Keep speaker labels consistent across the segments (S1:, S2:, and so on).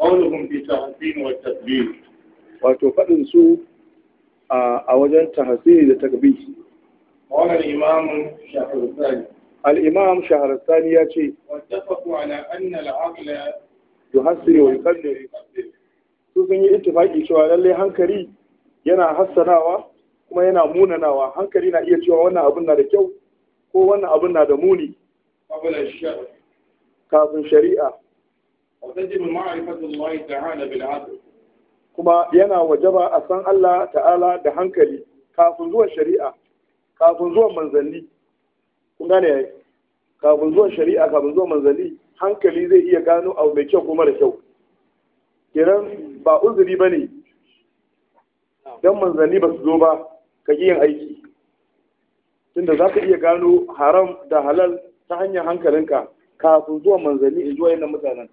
S1: قولهم
S2: بتحسين والتكبير wato faɗin su a wajen tahasiri da takbir قال الإمام الشهرستاني الإمام الشهرستاني ya ce واتفقوا على أن العقل ويقدر su sun yi ittifaki cewa lallai hankali yana hassanawa kuma yana munanawa hankali na iya cewa wannan abin na da kyau ko wannan abin na da muni kafin shari'a kuma yana ba a san Allah ta'ala da hankali kafin zuwa shari'a kafin zuwa manzanni kun gane yayi kafin zuwa shari'a kafin zuwa manzanni hankali zai iya gano abu mai kyau kuma da kyau kiran ba uzuri ba ne don manzanni ba su zo ba ka yin aiki tunda za ka iya gano haram da halal ta hanyar hankalinka kafin zuwa manzanni in zuwa yin mutanen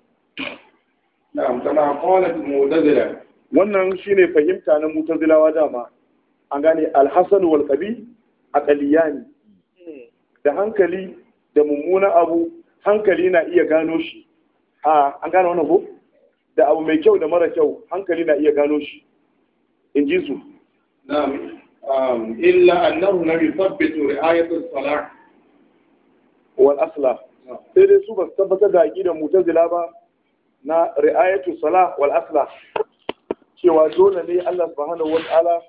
S2: na'am kama ne mu'tazila wannan shine fahimta na mu'tazilawa dama an gane al-hasan wal qabi aqliyani da hankali da mummunan abu hankali na iya gano shi a an gane wannan ko da abu mai kyau da mara kyau hankali na iya gano shi in ji su na'am um, illa annahu lam yuthabbitu ri'ayat as-salah wal asla sai dai su ba su tabbatar da aqidar mu'tazila ba na ri'ayatu salah wal asla cewa dole ne Allah subhanahu wa ta'ala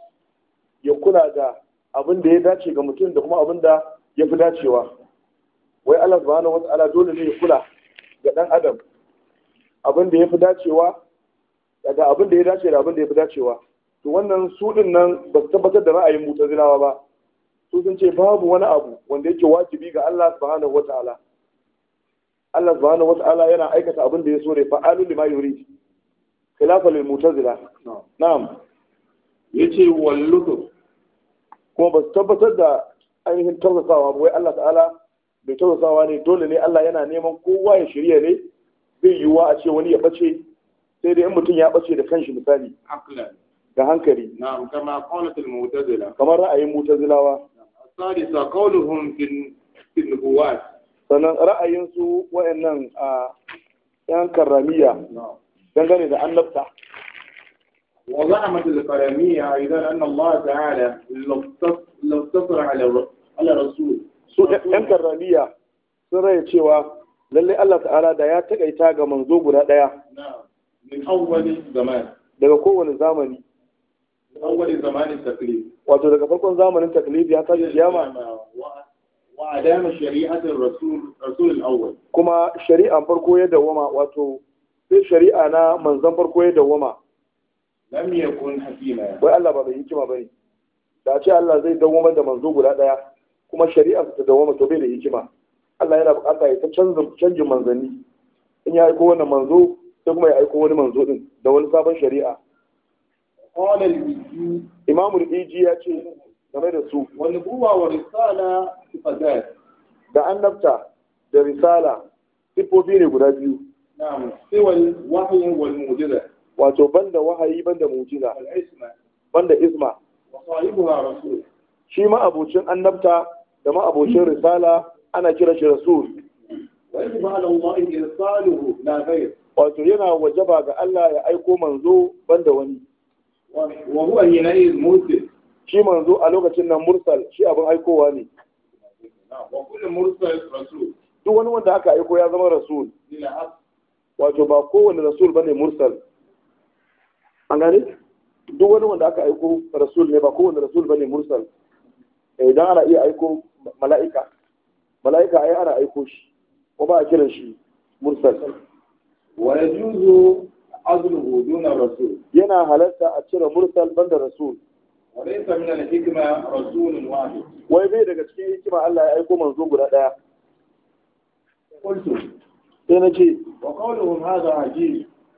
S2: ya kula da abin da ya dace ga mutum da kuma abin da ya fi dacewa wai Allah subhanahu wa ta'ala dole ne ya kula ga dan adam abin da ya fi dacewa daga abin da ya dace da abin da ya fi dacewa to wannan su din nan ba su tabbatar da ra'ayin mutazilawa ba su sun ce babu wani abu wanda yake wajibi ga Allah subhanahu wa ta'ala Allah subhanahu wata'ala yana aikata abin da ya so ne fa'alu lima yuri khilafa lil mu'tazila na'am yace wallutu kuma ba su tabbatar da ainihin tausasawa ba wai Allah ta'ala bai tausasawa ne dole ne Allah yana neman kowa ya shirya ne zai yiwuwa a ce wani ya bace sai dai in mutum ya bace da kanshi misali da hankali na'am kama qalatul mu'tazila kamar ra'ayin mu'tazilawa الثالثة قولهم في النبوات sannan ra'ayinsu wa'annan a yan karramiya dangane da annabta وزعمت الكرامية أيضا أن الله تعالى لو اقتصر على على رسول su ‘yan karramiya sun raya cewa lallai Allah ta'ala da ya taƙaita ga manzo guda ɗaya daga kowane zamani wato daga farkon zamanin taklif ya tashi kiyama وعدام شريعة الرسول رسول الأول كما شريعة يدوما واتو في شريعة أنا لم يكن حكيما الله da ce Allah zai dawoma da manzo guda daya kuma shari'a ta bai da hikima Allah yana bukata ya canza canjin in ya aiko wannan manzo sai kuma ya aiko wani manzo din da wani sabon shari'a iji ya ce game da su Wani wa risala da annabta da risala siffofi ne guda biyu wato banda wahayi banda mu'jiza banda isma shi ma annabta da ma risala ana kira shi rasul wato yana wajaba ga Allah ya aiko manzo banda wani wa huwa hina mursal shi manzo a lokacin nan mursal shi abin aikowa ne duk wani wanda aka aiko ya zama rasul wato ba kowane rasul ne mursal an gane duk wani wanda aka aiko rasul ne ba kowane rasul ne mursal eh, idan ana iya aiko mala'ika mala'ika ai ana aiko shi ko ba a kiran shi mursal wa yajuzu azluhu duna rasul yana halatta a cire mursal banda rasul wai bai daga cikin hikima Allah ya aiko manzo guda daya sai na ce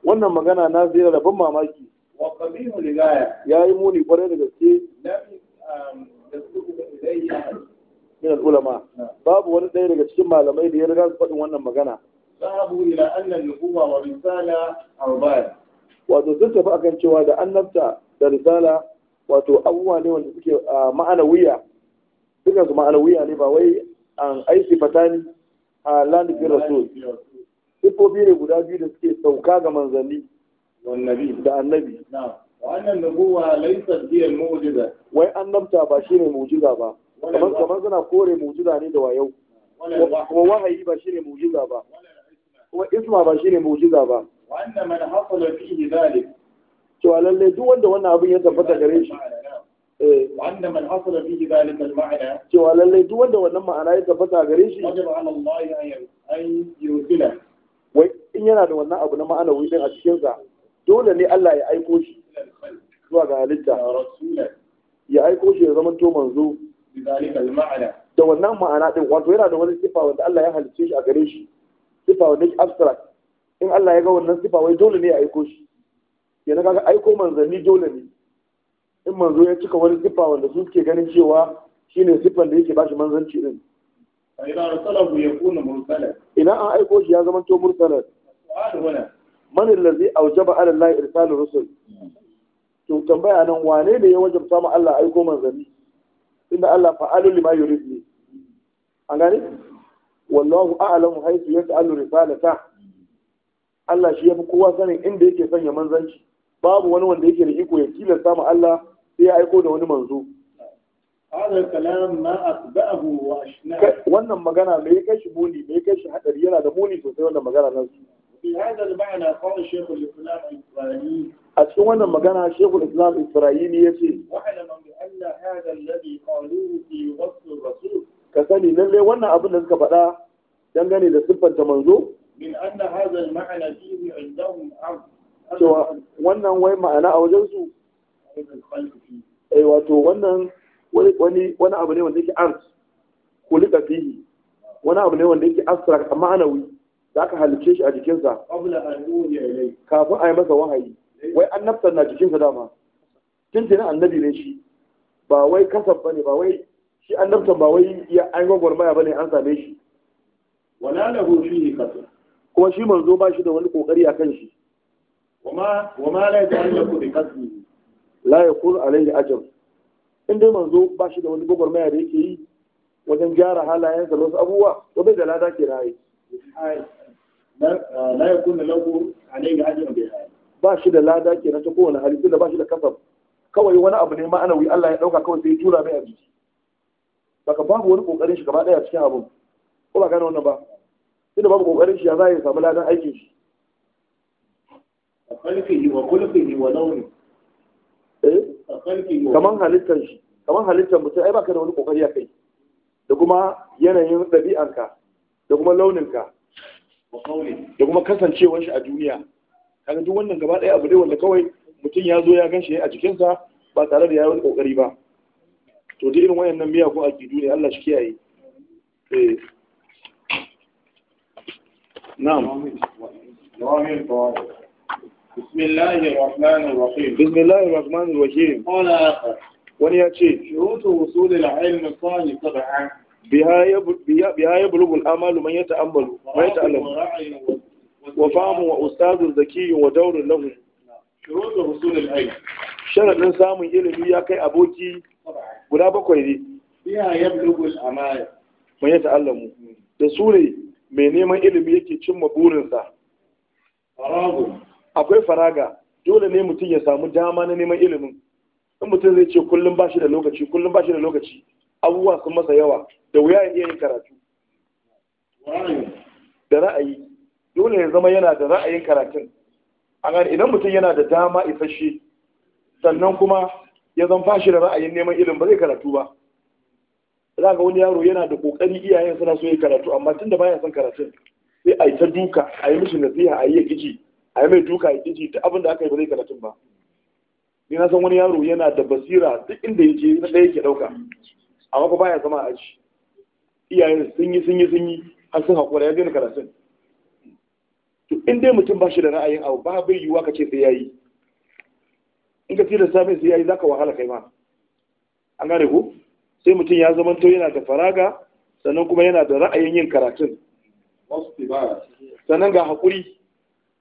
S2: wannan magana na zira da ban mamaki ya yi muni kwarai da gaske min ulama babu wani ɗaya daga cikin malamai da ya riga su faɗin wannan magana wato sun tafi akan cewa da annabta da risala wato abubuwa ne wanda suke wuya dukkan su wuya ne ba wai an aiki fatani a land bin rasul sifofi ne guda biyu da suke sauka ga manzanni da annabi wannan nubuwa laysat hiya mu'jiza wai annabta ba ne mu'jiza ba kamar kamar suna kore mu'jiza ne da wayau kuma wahayi ba shi ne mu'jiza ba kuma isma ba shi ne mu'jiza ba wannan man hasala fihi dalik cewa lalle duk wanda wannan abin ya tabbata gare shi eh, wanda man hasala al-ma'na cewa lalle duk wanda wannan ma'ana ya tabbata gare shi wajaba ala Allah yusila wai in yana da wannan abu na ma'ana wai din a cikin sa dole ne Allah ya aiko shi zuwa ga halitta ya aiko shi ya zama to manzo da wannan ma'ana din wato yana da wani sifa wanda Allah ya halicce shi a gare shi sifa wanda abstract in Allah ya ga wannan sifa wai dole ne ya aiko shi yana kaga aiko manzanni dole ne in manzo ya cika wani siffa wanda su ke ganin cewa shine siffan da yake bashi manzanci din ina an aiko shi ya zama to mursalan man allazi awjaba ala allahi irsalur rusul to tambaya nan wane ne ya wajabta ma Allah aiko manzanni inda Allah fa'alu lima yurid ne an gane wallahu a'lamu haythu yas'alu risalata Allah shi yafi kowa sanin inda yake sanya manzanci babu wani wanda yake da iko ya tilasta ma Allah sai ya aiko da wani manzo wannan magana mai kai shi muni mai kai shi hadari yana da muni sosai wannan magana nan Ibrahim a cikin wannan magana shekul islam isra'ili ya ce ka sani lalle wannan abin da suka faɗa dangane da siffanta manzo min anna hadha al-ma'na fihi 'indahum 'azm cewa wannan wai ma'ana a wajen su eh wato wannan wani wani abu ne wanda yake art kulika fihi wani abu ne wanda yake abstract amma ana anawi za ka halice shi a jikinsa kafin a yi masa wahayi wai an annabtar na jikinsa dama tuntunan annabi ne shi ba wai kasar ba ne ba wai shi an annabtar ba wai ya an maya ba ne an same shi wala lahu ne kasar kuma shi manzo ba shi da wani kokari a kan shi wama wama la yaj'al lahu da qasdi la yakun da ajr in dai manzo ba shi da wani gwagwarmaya da yake yi wajen gyara halayensa da wasu abubuwa to bai da lada ke raye la yakun lahu alayhi ajr ba shi da lada ke ta kowane da ba shi da kawai wani abu ne wuyi Allah ya dauka kawai sai yi tura mai a jiki baka babu wani kokarin shi gaba daya cikin abun ko ba gane wannan ba tunda babu kokarin shi ya za ya samu ladan aikin shi ka kalfihi wa kulfihi wa launi eh kaman halittar shi kaman halittar mutum ai baka da wani kokari a kai da kuma yanayin ɗabi'anka da kuma launinka da kuma kasancewar shi a duniya kaga duk wannan gaba ɗaya abu ne wanda kawai mutum ya zo ya gan shi a jikinsa ba tare da ya wani kokari ba to duk irin wayannan ko akidu ne Allah shi kiyaye eh na'am بسم الله الرحمن الرحيم بسم الله wani ya ce shurutu wusulil ilmi salih sab'an biha biha yablughu al-amal man yata'ammalu wa yata'allam wa fahmu wa ustadhu zaki wa dawrun lahu shurutu wusulil ilmi sharadin samun ilimi ya kai aboki guda bakwai ne biha yablughu al-amal man yata'allamu da sure mai neman ilimi yake cimma burinsa akwai faraga dole ne mutum ya samu dama na neman ilimin in mutum zai ce kullum ba shi da lokaci kullum ba shi da lokaci abubuwa sun masa yawa da wuya ya iya yin karatu da ra'ayi dole ya zama yana da ra'ayin karatun a idan mutum yana da dama isasshe sannan kuma ya zan fashi da ra'ayin neman ilimin ba zai karatu ba za ga wani yaro yana da kokari iyayen suna so ya karatu amma tun da baya son karatun sai a yi ta duka a yi mishi nasiha a yi ya kici a yi mai duka ya ƙiji abin da aka yi ba zai karatun ba ni na san wani yaro yana da basira duk inda ya je na ɗaya yake ɗauka amma ba baya zama a aji iyayen sun yi sun yi sun yi har sun haƙura ya daina karatun to in dai mutum ba shi da ra'ayin abu ba bai yiwuwa ka ce sai ya yi in ka tilasta mai sai ya yi za ka wahala kai ma an gane ko sai mutum ya zama to yana da faraga sannan kuma yana da ra'ayin yin karatun sannan ga haƙuri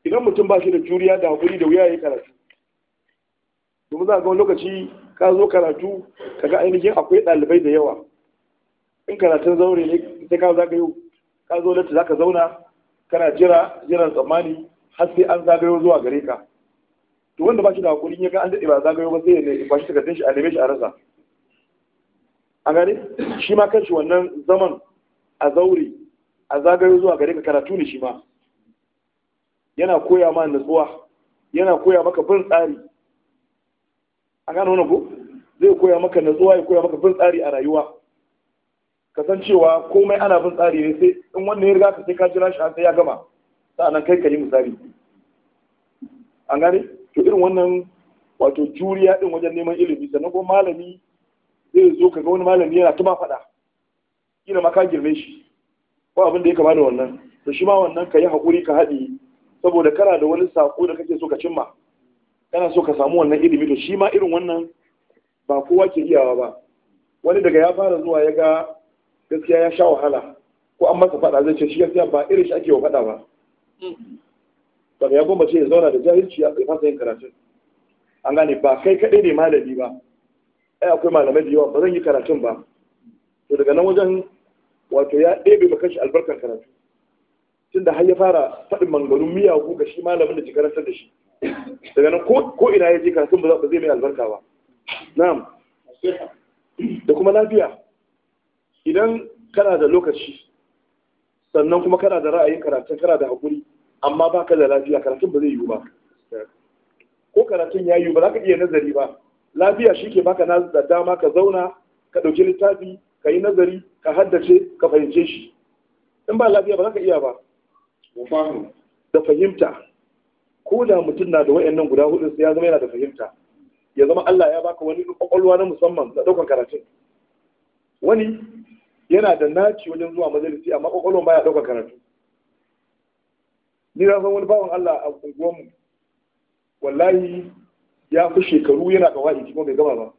S2: idan mutum ba shi da juriya da hakuri da wuya ya karatu domin za a ga wani lokaci ka zo karatu ka ga ainihin akwai ɗalibai da yawa in karatun zaure ne sai ka za ka yi ka zo lati za ka zauna kana jira jiran tsammani har sai an zagayo zuwa gare ka to wanda ba shi da hakuri ya ga an daɗe ba zagayo ba sai ya ba shi takardun shi a neme shi a rasa a gane shi ma kan shi wannan zaman a zaure a zagayo zuwa gare ka karatu ne shi ma yana koya ma nutsuwa. yana koya maka bin tsari a gano wani ko zai koya maka nutsuwa ya koya maka bin tsari a rayuwa kasancewa komai ana bin tsari ne sai in wannan ya riga ka sai ka jira shi sai ya gama sa'annan kai ka yi misali an gane to irin wannan wato juriya din wajen neman ilimi sannan kuma malami zai zo ka ga wani malami yana ta faɗa kila ma ka girme shi ko abin da ya kama da wannan to shi ma wannan ka yi haƙuri ka haɗi. saboda kana da wani sako da kake so ka cimma kana so ka samu wannan ilimi to shi ma irin wannan ba kowa ke iyawa ba wani daga ya fara zuwa ya ga gaskiya ya sha wahala ko an masa faɗa zai ce shi gaskiya ba irin shi ake wa faɗa ba mm. ba ya ce ya zauna da jahilci ya fasa yin karatu. an gane ba kai kaɗai ne malami ba ai akwai malamai da yawa ba zan yi karatun ba to daga nan wajen wato ya ɗebe ba kashi albarkar karatu da har ya fara faɗin miya, miyagu ga shi malamin da jikar karantar da shi daga nan ko ina ya je karatun ba zai mai albarka ba na'am da kuma lafiya idan kana da lokaci sannan kuma kana da ra'ayin karatun kana da haƙuri amma ba ka da lafiya karatun ba zai yiwu ba ko karatun ya yiwu ba za ka iya nazari ba lafiya shi ke baka da dama ka zauna ka ɗauki littafi ka yi nazari ka haddace ka fahimce shi in ba lafiya ba za ka iya ba da fahimta ko da mutum na da wayannan guda hudu sai ya zama yana da fahimta ya zama Allah ya baka wani kwakwalwa na musamman da daukar karatun wani yana da naci wajen zuwa majalisi amma kwakwalwan baya daukar karatu ni na san wani bawan Allah a mu wallahi ya fi shekaru yana kawai kuma bai gama ba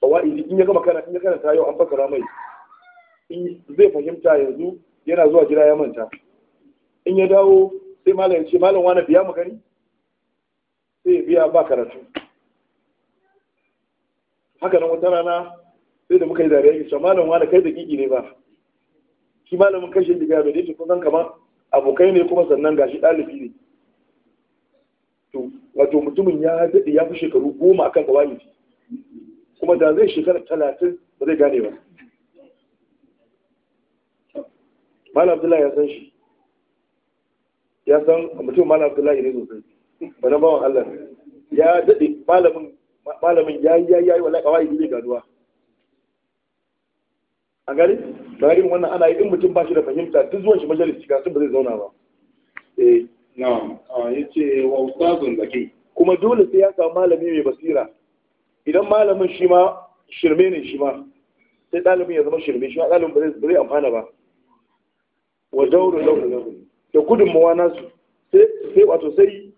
S2: kawai in ya gama karanta in ya karanta yau an fakara mai zai fahimta yanzu yana zuwa gida ya manta in ya dawo sai malam ce malam wani biya mu gani sai ya biya ba karatu haka nan wata rana sai da muka yi dariya yake malam wani kai da gigi ne ba shi malamin kashe diga ne, dace kusan kama abokai ne kuma sannan gashi ɗalibi ne to wato mutumin ya daɗe ya fi shekaru goma akan kawai kuma da zai shekara talatin ba zai gane ba malam abdullahi ya san shi ya san mutum malam abdullahi ne sosai ba na bawan allah ya daɗe malamin ya yi ya yi wala kawai ne gaduwa a gari bari wannan ana yi in mutum ba shi da fahimta duk zuwan shi majalis cika sun ba zai zauna ba eh na'am ah, ya ce wa ustazun zaki kuma dole sai ya samu malami mai basira idan malamin shi ma shirme ne shi ma sai ɗalibin ya zama shirme shi ma ɗalibin ba zai amfana ba wa dauru lahu da gudunmawa nasu sai wato sai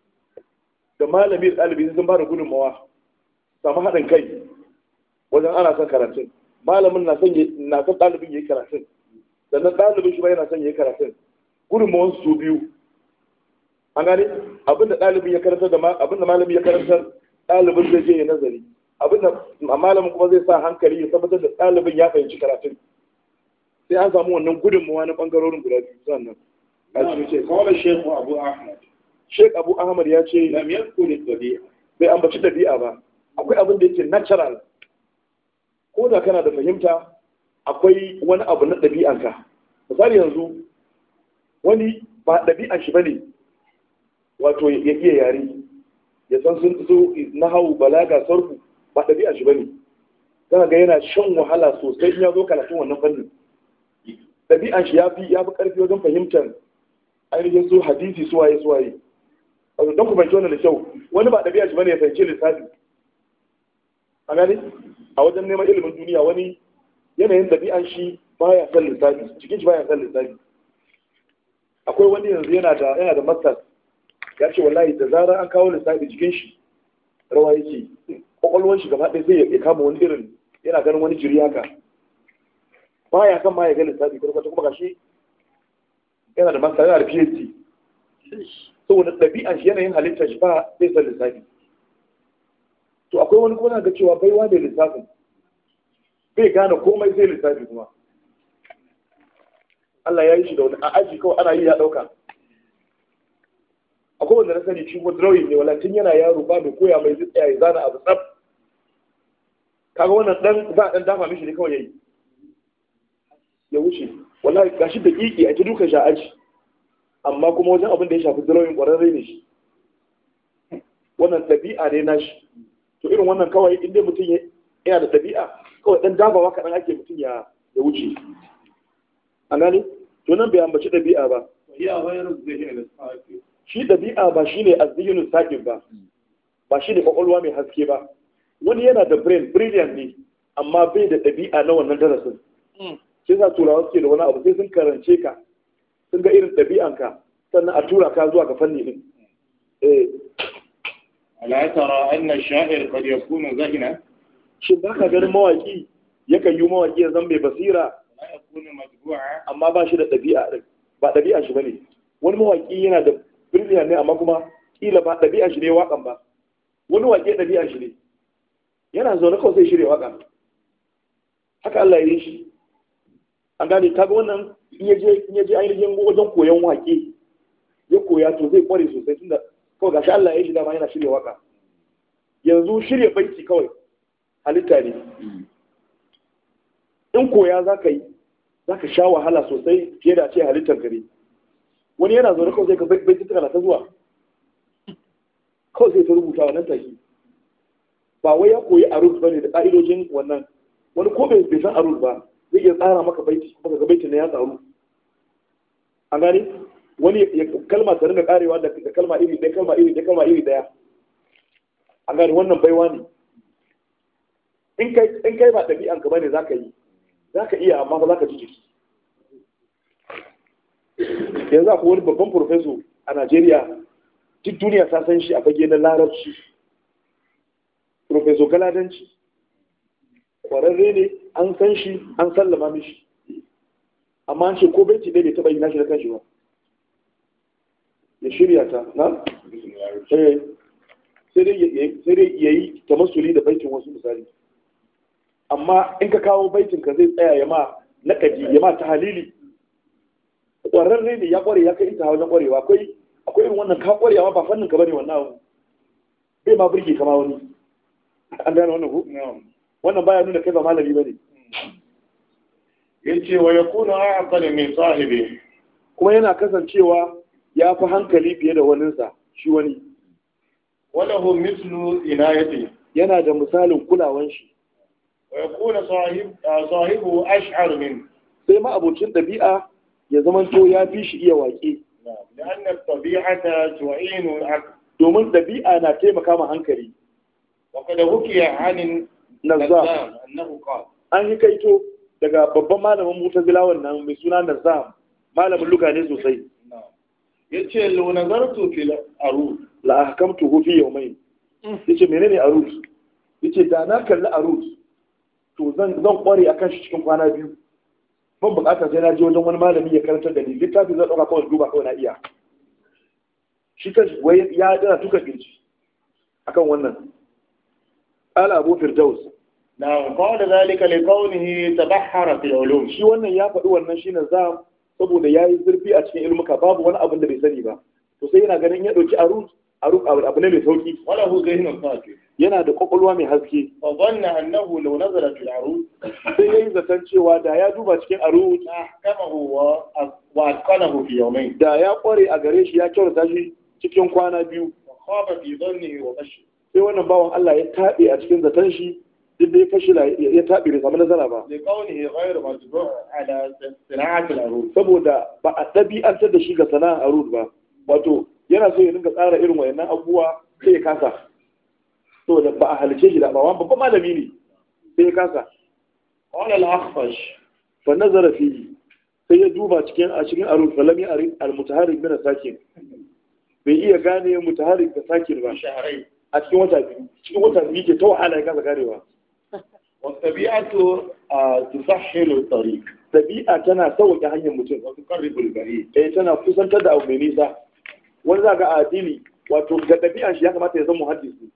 S2: da malami da ɗalibi sun ba da gudunmawa samu haɗin kai wajen ana son karatun malamin na son na son ɗalibin yayi karatun sannan ɗalibin shi ba yana son yayi karatun gudunmawan su biyu an gane abinda ɗalibin ya karanta da abinda malami ya karanta ɗalibin zai je ya nazari abinda malamin kuma zai sa hankali ya tabbatar da ɗalibin ya fahimci karatun sai an samu wannan gudunmawa na bangarorin guda
S1: biyu ce kawai
S2: Sheikh abu ahmad shek abu ahmad ya ce lam yakuni dabi'a bai ambaci dabi'a ba akwai abin da yake natural ko da kana da fahimta akwai wani abu na ɗabi'anka misali yanzu wani ba ɗabi'an shi ba ne. wato ya iya yare ya san sun zo na hau balaga sarfu ba ɗabi'an shi ba ne. zaka ga yana shan wahala sosai in ya zo karatun wannan fannin ɗabi'an shi ya fi ya fi ƙarfi wajen fahimtar ainihin su hadisi suwaye suwaye wato don ku fahimci wannan da kyau wani ba ɗabi'a shi bane ya fahimci lissafi a gani a wajen neman ilimin duniya wani yanayin ɗabi'an shi baya son lissafi cikin shi baya son lissafi akwai wani yanzu yana da yana da masters ya ce wallahi da zarar an kawo lissafi jikin shi rawa yake kwakwalwar shi gaba ɗaya zai ya kama wani irin yana ganin wani jiri haka baya kan ma ya ga lissafi kwata kuma gashi yana da masa yana da PhD saboda ɗabi'an shi yanayin halittar shi ba zai san lissafi to akwai wani kuma ga cewa baiwa da lissafin bai gane komai zai lissafi kuma Allah ya yi shi da wani a aji kawai ana yi ya ɗauka akwai wanda na sani shi wani drawing ne wala tun yana yaro ba mai koya mai zai tsaya ya zana abu tsaf kaga wannan dan za a dan dafa mishi ne kawai yayi ya wuce wallahi gashi da kiki a ji duka sha'aji amma kuma wajen abin da ya shafi drawing ƙwararre ne shi wannan ɗabi'a ne shi. to irin wannan kawai in dai mutum yana da ɗabi'a kawai ɗan dabawa kaɗan ake mutum ya ya wuce a gane to nan bai ambaci ɗabi'a ba shi ɗabi'a ba shi ne azzihinun sakin ba ba shi ne ƙwaƙwalwa mai haske ba wani yana da brain brilliant ne amma bai da ɗabi'a na wannan darasin hmm. Sai yasa turawa suke da wani abu sai sun karance ka sun ga irin ɗabi'anka sannan a tura ka zuwa ga fanni din eh ala tara anna sha'ir qad yakunu zahina shin ka ganin mawaki yakan yi mawaki yanzu mai basira amma ba shi da ɗabi'a din ba ɗabi'a shi bane wani mawaki yana da brilliant ne amma kuma kila ba ɗabi'a shi ne waƙan ba wani waƙe ɗabi'a shi ne yana zaune kawai sai shirya waƙa haka Allah ya yi shi an gane ga wannan in ya je ainihin wajen koyon waƙe ya koya to zai kware sosai tunda ga shi Allah ya shi ma yana shirya waka yanzu shirya baiti kawai halitta ne in koya za ka yi za ka sha wahala sosai fiye da ce halittar gari wani yana zaune kawai sai ka baiti ta ta zuwa kawai sai ta rubuta wannan take ba wai ya koyi rubuta ne da ƙa'idojin wannan wani ko bai san a ba zai iya tsara maka baiti maka ga baiti ne ya samu. an gani wani kalma ta rinka karewa da kalma iri ɗaya kalma iri ɗaya kalma iri ɗaya an gani wannan baiwa ne in kai ba ɗabi'an ka bane za ka yi za ka iya amma ba za ka ji jiki yanzu akwai wani babban profeso a najeriya duk duniya ta san shi a fage na larabci profeso galadanci kwararre ne an san shi an sallama mishi amma an ce ko bai ce bai taɓa yi nashi da kanshi ba ya shirya ta na eh. sai dai ya yi ta masuli da baitin wasu misali amma in ka kawo baitin ka zai tsaya ya ma naƙadi ya ma ta halili ƙwararre ne ya ƙware ya kai ita wajen ƙwarewa akwai akwai irin wannan ka ƙwarewa ba fannin ka bane wannan abu bai ma burge kama wani an gane wannan ku wannan baya nuna kai ba malami bane yace wa yakunu a'qal min sahibi kuma yana kasancewa ya fi hankali fiye da waninsa shi wani walahu mislu inayati yana da misalin kulawan shi wa yakuna sahib sahibu ash'ar min sai ma abocin dabi'a ya zamanto ya fi shi iya waƙe لأن الطبيعة تعين العقل domin ɗabi'a na taimaka ma hankali. Waƙada hukiya hanin Nazam an yi kaito daga babban malamin mutazila wannan mai suna nazar malamin luka ne sosai yace law nazartu fil arud la ya fi yawmayn mm. yace menene arud yace da na kalli arud to zan zan kware akan shi cikin kwana biyu ban bukata sai na je wajen wani malami ya karanta da ni littafi zan dauka kawai duba kawai na iya shi kan wai ya dana tuka girji akan wannan قال أبو فردوس نعم قال ذلك لكونه تبحر في علوم شي wannan ya faɗi wannan shi na zam saboda yayi zurfi a cikin ilmuka babu wani abin da bai sani ba to sai yana ganin ya dauki aru aru abu ne mai sauki wala hu hinan sauki yana da kokolwa mai haske fa zanna annahu law nazara fil aru sai yayi zaton cewa da ya duba cikin aruz ahkamahu wa wa atqanahu fi yawmin da ya kware a gare shi ya kyautata shi cikin kwana biyu wa khaba bi dhannihi wa bashi sai wannan bawan Allah ya taɓe a cikin zaton shi duk da ya fashi ya taɓe bai samu nazara ba. Saboda ba a ɗabi'antar da shi ga sana'a Harun ba. Wato yana so ya dinga tsara irin wayannan abubuwa sai ya kasa. Saboda ba a halice shi da ba babban malami ne sai ya kasa. Wani al'afash. Fa nazara fiye sai ya duba cikin a cikin Harun fa lam al min sakin. Bai iya gane mutaharrik da sakin ba. a cikin wata biyu cikin wata biyu ke ta wahala ya kasa karewa wasabi'atu tusahhilu tsari. tabi'a tana sauke hanyar mutum wa tuqarribul ba'id eh tana kusantar da abu mai nisa wani za ga adili wato ga ɗabi'an shi ya kamata ya zama muhaddisi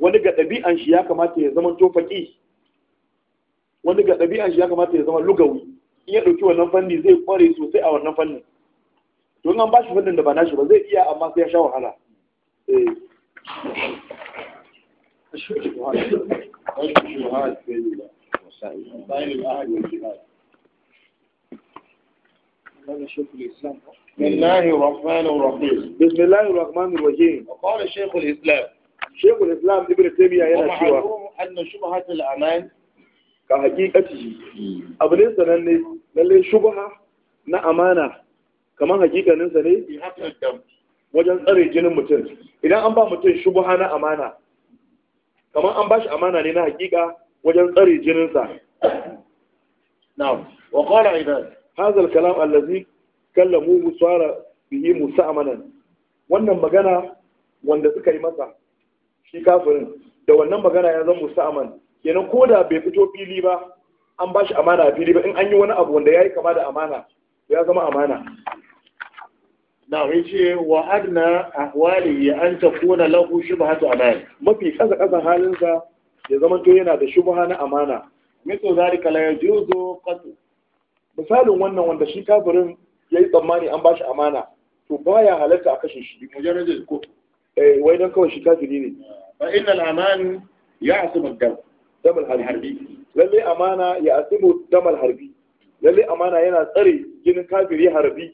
S2: wani ga ɗabi'an shi ya kamata ya zama tofaki wani ga ɗabi'an shi ya kamata ya zama lugawi in ya ɗauki wannan fanni zai kware sosai a wannan fannin don an ba shi fannin da ba nashi ba zai iya amma sai ya sha wahala eh. الله الرحمن الرحيم بسم الله الرحمن الرحيم وقال شيخ الإسلام شيخ الإسلام ابن تيمية هنا شبهة أن شبهة الأمان كحقيقته أبو ليس للي شبهة na امانه kamar حقيقه نسني في حق الدم wajen tsare jinin mutum idan an ba mutum shubuha na amana kamar an ba shi amana ne na hakika wajen tsare jininsa na'am wa qala idan hadha kalam allazi kallamu musara bihi musa'amanan wannan magana wanda suka yi masa shi kafirin da wannan magana ya zama musa'aman kenan ko da bai fito fili ba an ba shi amana fili ba in an yi wani abu wanda ya yi kama da amana ya zama amana na ce wa adna ahwalihi an takuna lahu shubhatu amana mafi kaza kaza halinsa ya zama to yana da shubha na amana mithlu zalika la yajuzu qatl misalin wannan wanda shi kafirin yayi tsammani an bashi amana to baya halatta a kashe shi mujarradin ko eh wai dan kawai shi kafiri ne fa innal aman ya'simu ad-dam dam al-harbi lalle amana ya'simu dam al-harbi lalle amana yana tsare jinin kafiri harbi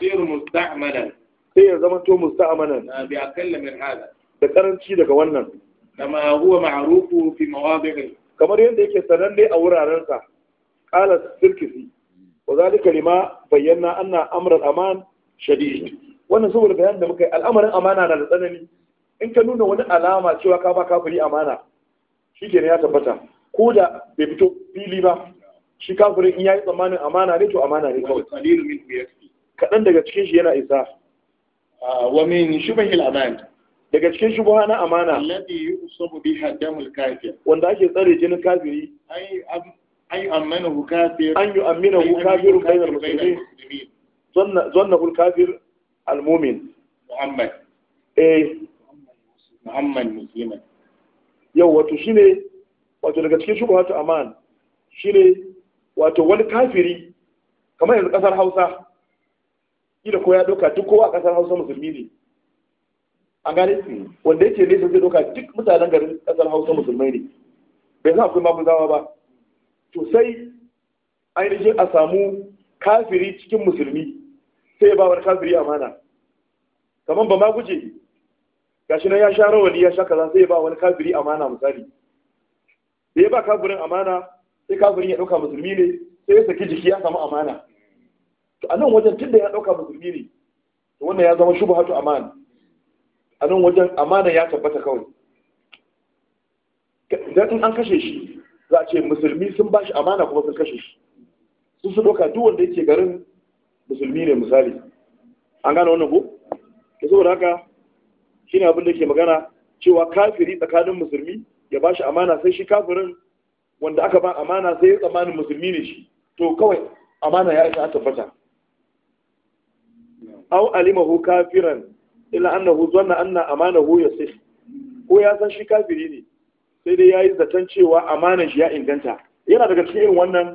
S2: سير مستعملا sai ya تو مستعملا musta'malan bi akalla min hada da karanci daga wannan kama huwa ma'rufu fi mawadi'i kamar yadda yake sananne a wuraren sa qala sirkisi wa zalika lima bayyana anna amra aman wannan saboda bayanin da muka yi al'amarin amana na da tsanani in ka nuna wani alama cewa ka ba kafiri amana shi ke ya tabbata ko da bai fito fili ba shi kafirin in yayi tsammanin amana ne to amana ne kawai kaɗan daga cikin shi yana isa ah, wa min shubahil amana daga cikin shubuha na amana alladhi yusabu biha damul kafir wanda ake tsare jinin kafiri an hu kafir an hu kafir bainal muslimin zanna zanna kafir al mu'min muhammad eh muhammad musliman yau wato shine wato daga cikin shubuha ta amana shine wato wani kafiri kamar yanzu kasar Hausa kila ko ya doka duk kowa a kasar hausa musulmi ne A gane wanda yake nesa zai doka duk mutanen garin kasar hausa musulmai ne bai san akwai maguzawa ba to sai ainihin a samu kafiri cikin musulmi sai ya ba wani kafiri amana kamar ba ma guje gashi nan ya sha rawani ya sha kaza sai ya ba wani kafiri amana misali da ya ba kafirin amana sai kafirin ya ɗauka musulmi ne sai ya saki jiki ya samu amana to a nan wajen tunda ya ɗauka musulmi ne to wannan ya zama shubhatu amana a nan wajen amana ya tabbata kawai idan an kashe shi za a ce musulmi sun bashi amana kuma sun kashe shi sun su ɗauka duk wanda yake garin musulmi ne misali an gane wannan ko to saboda haka shine abin da yake magana cewa kafiri tsakanin musulmi ya bashi amana sai shi kafirin wanda aka ba amana sai ya tsammanin musulmi ne shi to kawai amana ya isa a tabbata aw alimahu kafiran illa annahu zanna anna amanahu yasih ko ya san shi kafiri ne sai dai yayi zaton cewa amanar shi ya inganta yana daga cikin irin wannan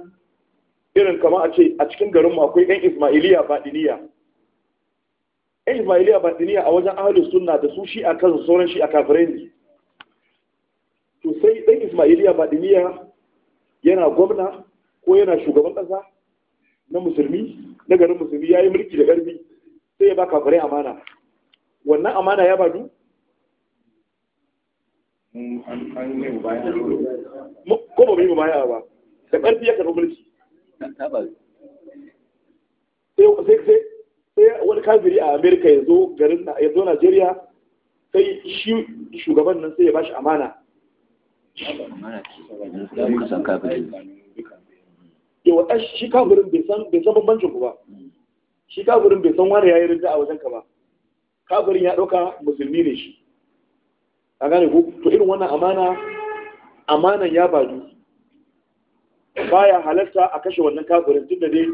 S2: irin kama a ce a cikin garin mu akwai ɗan Ismailiya Badiniya ɗan Ismailiya a wajen ahlus sunna da su shi a kan sauran shi a kafirai ne to sai ɗan Ismailiya Badiniya yana gwamna ko yana shugaban ƙasa na musulmi na garin musulmi ya yi mulki da ƙarfi sai ba amana wannan amana ya badu ko ba mu sai wani kafiri a amerika ya zo garin ya shi shugaban sai ya bashi amana yawa shi bai san bambancin ku ba mm. shi kafirin bai san wani yayi rinda a wajen ka ba kafirin ya ɗauka musulmi ne shi a gane ko to irin wannan amana amanan ya badu. baya halarta a kashe wannan kafirin tunda dai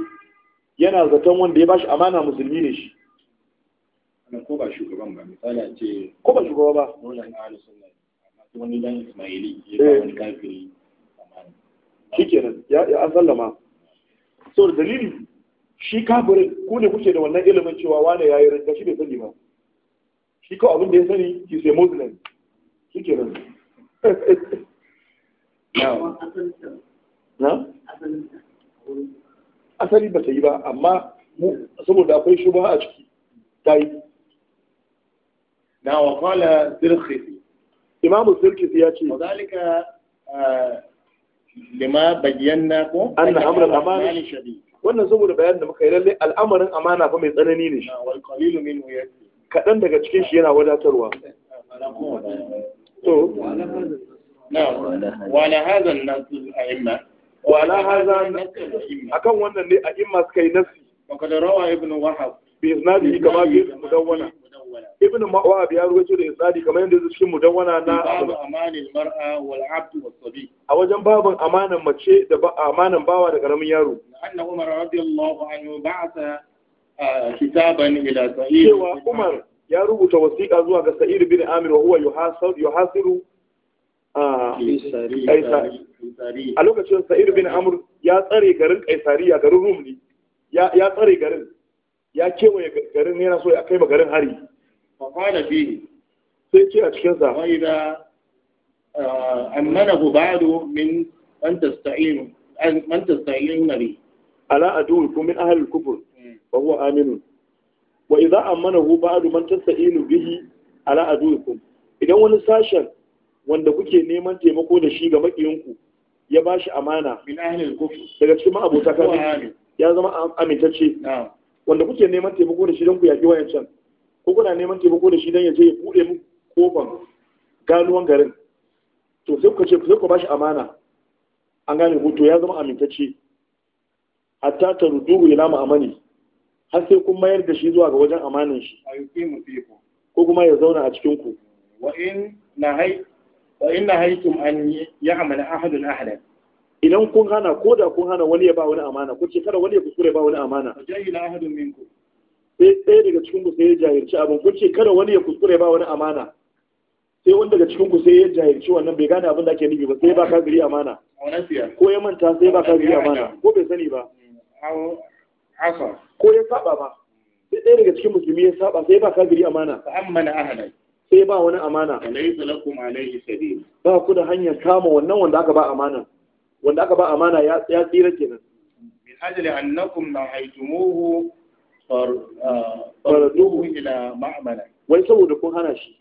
S2: yana zaton wanda ya bashi amana musulmi ne shi ko ba shugaban ba misali a ce ko ba shugaba ba wannan ahlus sunna wani dan ismaili ya ba eh. wani kafiri amana shikenan ya an sallama so dalili shi kafirin ku ne kuke da wannan ilimin cewa wane ya yi rinta shi bai sani ba shi ko abin da ya sani ki sai muslim shi ke nan na asali ba ta yi ba amma saboda akwai ba a ciki ta yi na wa kwala zirkhisi imamu zirkhisi ya ce wadalika eh, lima bayyana ko anna amrul amana shadid wannan saboda bayanin da muka yi lalle al'amarin amana fa mai tsanani ne kaɗan daga cikin shi yana wadatarwa to wala hadha an-nasu a'imma wala hadha akan wannan ne a'imma suka yi nasi وقد روى ابن وهب بإسناده كما في المدونة ibn ma'wab ya rubuce da isnadi kamar yadda yake cikin mudawwana na babu amanil mar'a wal abd was sabi a wajen babin amanan mace da amanan bawa da karamin yaro anna umar radiyallahu anhu ba'atha kitaban ila sa'id cewa umar ya rubuta wasiƙa zuwa ga sa'id bin amir wa huwa yuhasir yuhasiru a lokacin sa'id bin amr ya tsare garin kaisariya garin rum ne ya tsare garin ya kewaye garin yana so ya kai ma garin hari فقال qala bihi sai ce a cikin sa wai da من ba'du min an tasta'inu an tasta'inu nabi ala adu kum min ahli al-kufr wa huwa aminun wa idza amanahu ba'du man tasta'inu bihi ala adukum idan wani sashen wanda kuke neman taimako da shi ga ya ba shi amana daga cikin ma'abota kafin ya zama amintacce wanda kuke neman taimako da shi don ku yaƙi wayancan ko kuna neman taimako da shi don ya je ya buɗe mu kofan ganuwan garin to sai ku ce sai ku bashi amana an gane hoto ya zama amintacce hatta ta ruduhu ila ma'amani har sai kun mayar da shi zuwa ga wajen amanin shi ko kuma ya zauna a cikin ku wa in nahai wa in nahaitum an ya'mala ahadun ahadan idan kun hana ko da kun hana wani ya ba wani amana kun ce kada wani ya kusure ba wani amana jahila ahadun minkum daga cikin ku sai ya jahilci abin kun ce kada wani ya kuskure ba wani amana sai wani daga cikin ku sai ya jahilci wannan bai gane abin da ake nufi ba sai ba ka gari amana ko ya manta sai ba ka gari amana ko bai sani ba ko ya saba ba sai ɗaya daga cikin musulmi ya saba sai ba ka gari amana sai ba wani amana ba ku da hanyar kama wannan wanda aka ba amana wanda aka ba amana ya tsira kenan min annakum farduhu uh, ila ma'amala wai saboda kun hana shi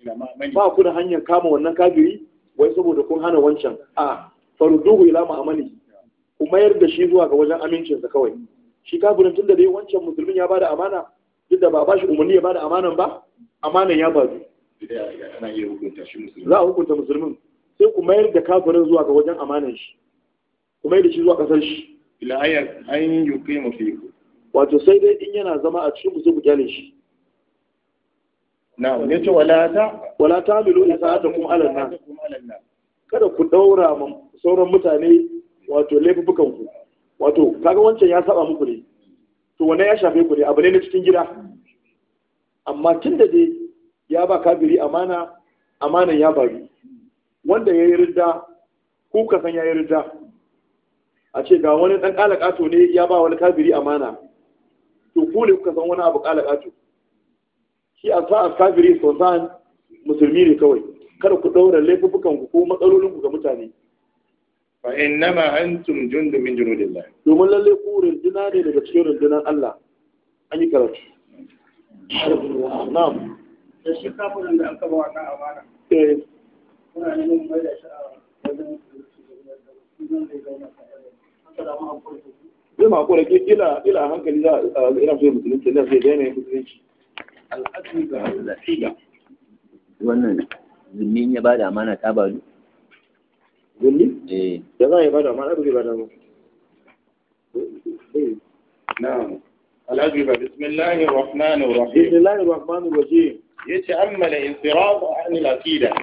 S2: ba ku da hanyar kama wannan kafiri wai saboda kun hana wancan a farduhu ila ma'amali ku mayar da shi zuwa ga wajen amincinsa kawai shi kafirin tun da dai wancan musulmin ya bada amana duk da ba ba shi umarni ya bada amanan ba amanan ya badu za a hukunta musulmin sai ku mayar da kafirin zuwa ga wajen amanan shi ku mayar da shi zuwa kasar shi ila ayar an yi yuqimu fiku wato sai dai in yana zama a cikin musu ku shi na'am yace wala ta wala ta milu isa'atakum alal nas kada ku daura sauran mutane wato laifukan ku wato kaga wancan ya saba muku ne to wannan ya shafe ku ne abu ne na cikin gida amma tun da dai ya ba kabiri amana amanan ya bari wanda ya yi ridda ku ka san ya yi ridda a ce ga wani dan kalakato ne ya ba wani kabiri amana to ku kuka san wani abu kala kato shi a sa kafiri zan musulmi ne kawai kada ku daura laifukan ku ko matsalolin ku ga mutane fa innama antum jundun min junudillah domin lalle ku runduna ne daga cikin rundunar Allah an yi karatu na'am da shi kafirin da aka ba wa amana eh kuna neman mai da shi a wajen da su da da su da da da da da da da zai ma kura kila kila hankali za a ina so musulunci na sai daina yin musulunci al'adu ga lafiya wannan zulmi ya bada amana ta balu zulmi eh da za a yi bada amana ba zai bada mu الأجوبة بسم الله الرحمن الرحيم بسم الله الرحمن الرحيم يتأمل انصراف عن العقيدة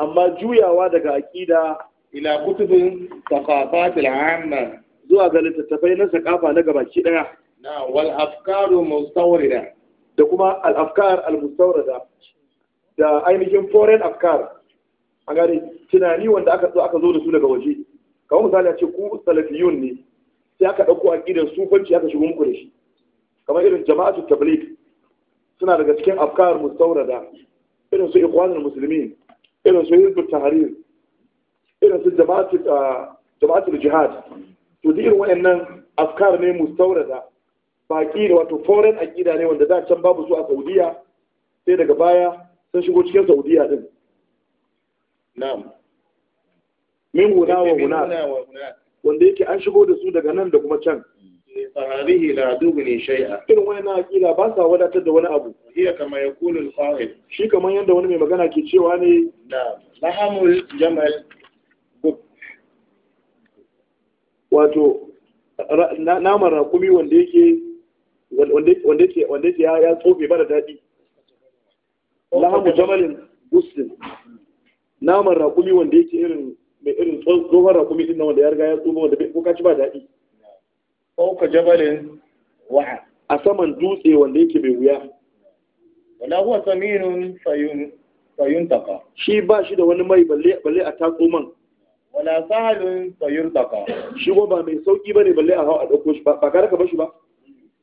S2: أما جويا وادك عقيدة إلى كتب ثقافات العامة zuwa ga littattafai na sakafa na ki daya na wal afkaru mustawrida da kuma al afkar al mustawrida da ainihin foreign afkar a gane tunani wanda aka zo aka zo da su daga waje kamar misali a ce ku salafiyun ne sai aka dauko aqidar sufanci aka shigo muku da shi kamar irin jama'atu tabligh suna daga cikin afkar mustawrida irin su ikhwanul muslimin irin su hizbut tahrir irin su jama'atu ah, jama'atul jihad to da irin wayannan afkar ne mustaurada baki da wato foreign aqida ne wanda da can babu su a Saudiya sai daga baya sun shigo cikin Saudiya din na'am min huna wa guna wanda yake an shigo da su daga nan da kuma can saharihi eh, la dubni shay'a irin wayannan aqida ba sa wadatar da wani abu hiya kama yakulu al shi kaman yanda wani mai magana ke cewa ne na'am lahamul jamal wato naman rakumi wanda yake wanda yake wanda yake ya tsofe bara daɗi lahamu jamalin muslim naman rakumi wanda yake irin mai irin tsohon rakumi din wanda ya riga ya tsofe wanda ko kaci ba daɗi fauka jabalin wa'a a saman dutse wanda yake bai wuya wala huwa saminun fayun fayun taka shi ba shi da wani mai balle balle a tatso man wala sahalun sayurdaka shi ko ba mai sauki bane balle a hawo a dauko shi ba kare ka bashi ba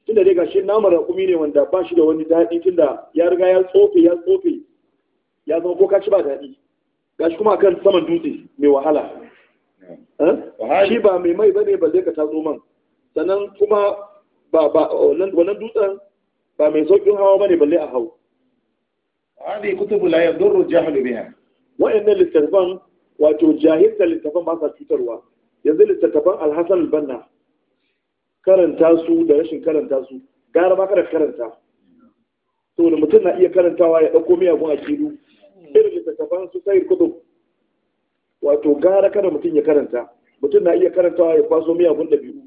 S2: tunda dai gashi namar raƙumi ne wanda ba shi da wani daɗi tunda ya riga ya tsofe ya tsofe ya zama ko ka ci ba daɗi gashi kuma kan saman dutse mai eh? wahala shi ba mai mai bane balle ka tatso man sannan kuma ba ba wannan dutsen ba mai sauƙin hawa bane balle a hawo hadi kutubu la yadurru jahlu biha wa'annan littafan wato jahilta littafan ba sa cutarwa yanzu littattafan alhassan banna karanta su da rashin karanta su gara ma kada karanta to da mutum na iya karantawa ya ɗauko miyagun kilu irin littattafan su sai kudu wato gara kada mutum ya karanta mutum na iya karantawa ya kwaso miyagun ɗabi'u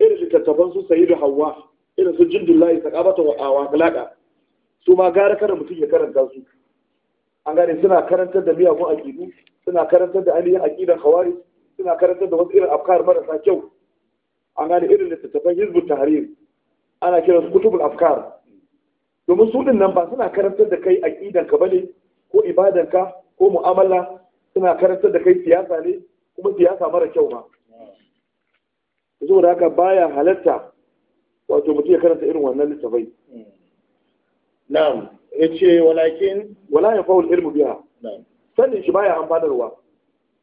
S2: irin littattafan su sayi da hawa irin su jindin layi sakabata wa akalaƙa su ma gara kada mutum ya karanta su an gane suna karantar da miyagun akidu suna karantar da ainihin aƙidar hawari suna karantar da wasu irin afkar marasa kyau an gane irin littattafan hizbut tahrir ana kira su kutubul afkar domin su ɗin nan ba suna karantar da kai aƙidar ka bane ko ibadan ka ko mu'amala suna karantar da kai siyasa ne kuma siyasa mara kyau ma saboda haka baya halatta wato mutum ya karanta irin wannan littafai hmm. na'am ya ce walakin wala ya yafa'ul ilmu biya na'am Sannin shi baya amfanarwa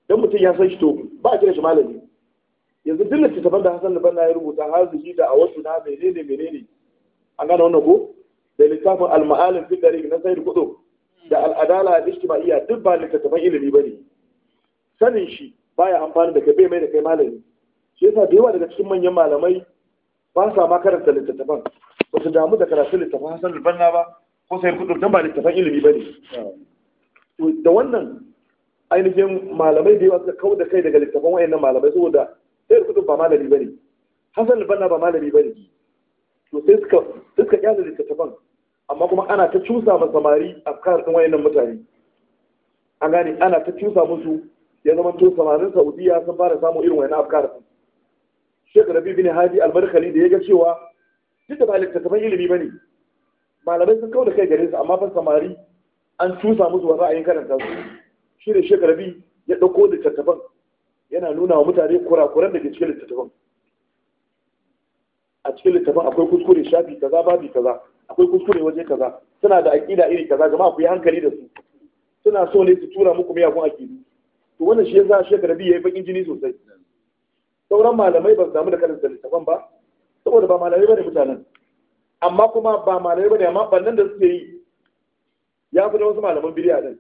S2: dan mutum ya san shi to ba a kira shi malami yanzu duk littattafan da Hassan Liban ya rubuta har zuci da a wasu na menene menene an gane wannan ko da littafin al-ma'alim fi dariq na Sayyid Qutb da al-adala da ijtimaiyya duk ba littattafan ilimi bane sanin shi baya amfani da kai bai mai da kai malami shi yasa da yawa daga cikin manyan malamai ba sa ma karanta littattafan ba su damu da karatun littattafan Hassan Liban ba ko Sayyid Qutb dan ba littattafan ilimi bane to da wannan ainihin malamai da yawa suka kawo da kai daga littafin wayannan malamai saboda sai da kudin ba malami bane hasan banna ba malami bane to sai suka suka kyale littafin amma kuma ana ta cusa ma samari afkar ɗin wayannan mutane an gane ana ta cusa musu ya zama to samarin saudiya sun fara samun irin wayannan afkar din Sheikh Rabi bin Hadi al-Barkali da ya ga cewa duk da ba littattafan ilimi bane malamai sun kawo da kai gare su amma fa samari an tusa musu wa ra'ayin karanta su shi da shekarabi ya ɗauko littattafan yana nuna wa mutane kurakuran da ke cikin littattafan a cikin littattafan akwai kuskure shafi kaza babi kaza akwai kuskure waje kaza suna da aƙida iri kaza jama'a ku yi hankali da su suna so ne su tura muku miyagun aƙidu to wannan shi yasa shekarabi ya yi baƙin jini sosai sauran malamai ba su damu da karanta littattafan ba saboda ba malamai ba ne mutanen amma kuma ba malamai ba ne amma ɓannan da suke yi ya fi da wasu malaman biliya din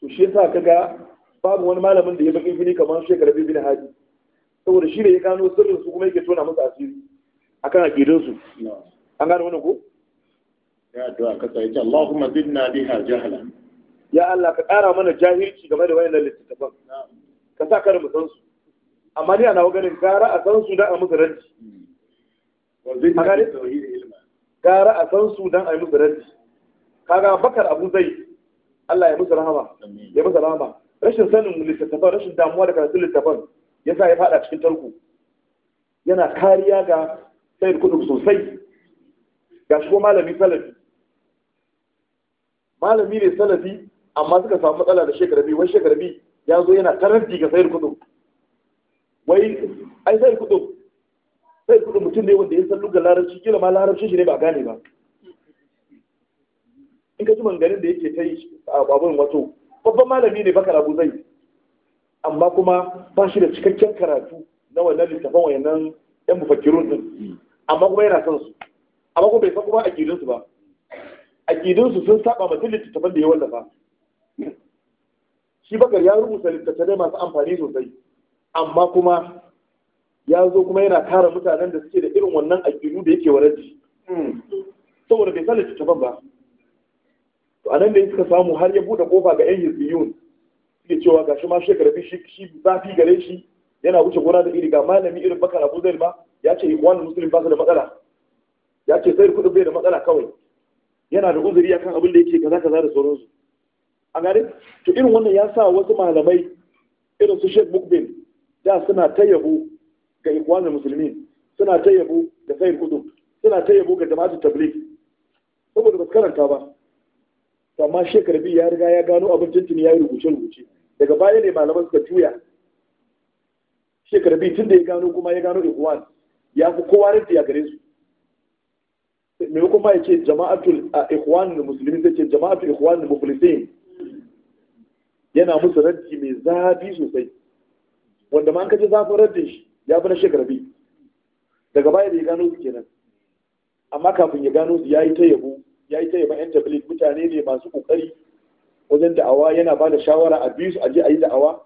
S2: to shi yasa ga babu wani malamin da ya bakin fili kamar shekara bibi na hadi saboda shi ne ya gano sirrin su kuma yake tona musu asiri akan kan su an gano wannan ko ya addu'a ka sai Allahumma zidna biha jahla ya Allah ka ƙara mana jahilci game da wayannan littattafan ka sa kar mu san su amma ni ana ganin gara a san su dan a musu raddi gara a san su dan a yi musu raddi kaga bakar abu zai Allah ya musu rahama ya musu rahama rashin sanin littattafan rashin damuwa da karatun littattafan ya sa ya fada cikin tarko yana kariya ga sayar kudu sosai ga shi ko malami salafi malami ne salafi amma suka samu matsala da shekarabi wani shekarabi ya zo yana taranti ga sayar kudu wai ai sayar kudu sayar kudu mutum ne wanda ya san lugar larabci kila ma larabci shi ne ba gane ba in ka ji manganin da yake ta yi abin wato babban malami ne bakar abu zai amma kuma ba shi da cikakken karatu na wannan littafan wayannan yan mufakirun din amma kuma yana son su amma kuma bai san kuma akidun su ba akidun su sun saba ma littafan da ya wallafa shi bakar ya rubuta littattafai masu amfani sosai amma kuma ya zo kuma yana kare mutanen da suke da irin wannan akidu da yake waraji hmm. saboda bai san littattafan ba to anan da suka samu har ya bude kofa ga yan hizbiyun suke cewa shi ma shekara bi shi shi zafi gare shi yana wuce gona da iri ga malami irin bakar abu zai ma ya ce ikwan muslim ba su da matsala ya ce sai kudu bai da matsala kawai yana da uzuri akan abin da yake kaza kaza da sauransu a gare to irin wannan ya sa wasu malamai irin su Sheikh Mukbil da suna ta yabo ga ikwan muslimin suna ta yabo da sayyid kudu, suna ta yabo ga jama'atul tabligh saboda ba karanta ba to amma shekarbi ya riga ya gano abin tuntuni ya yi rubuce-rubuce daga baya ne malaman suka juya shekarbi tun da ya gano kuma ya gano ikuwan ya fi kowa rinta ya gare su Me kuma ya ce jama'atul ikuwan da musulmi zai ce jama'atul ikuwan da muflisin yana musu raddi mai zafi sosai wanda ma an kaji zafin raddin shi ya fi na shekarbi daga baya da ya gano su kenan amma kafin ya gano su ya yi ta yabo ya yi ta yaba yan tabligh mutane ne masu kokari wajen da'awa yana ba da shawara a biyu a je a yi da'awa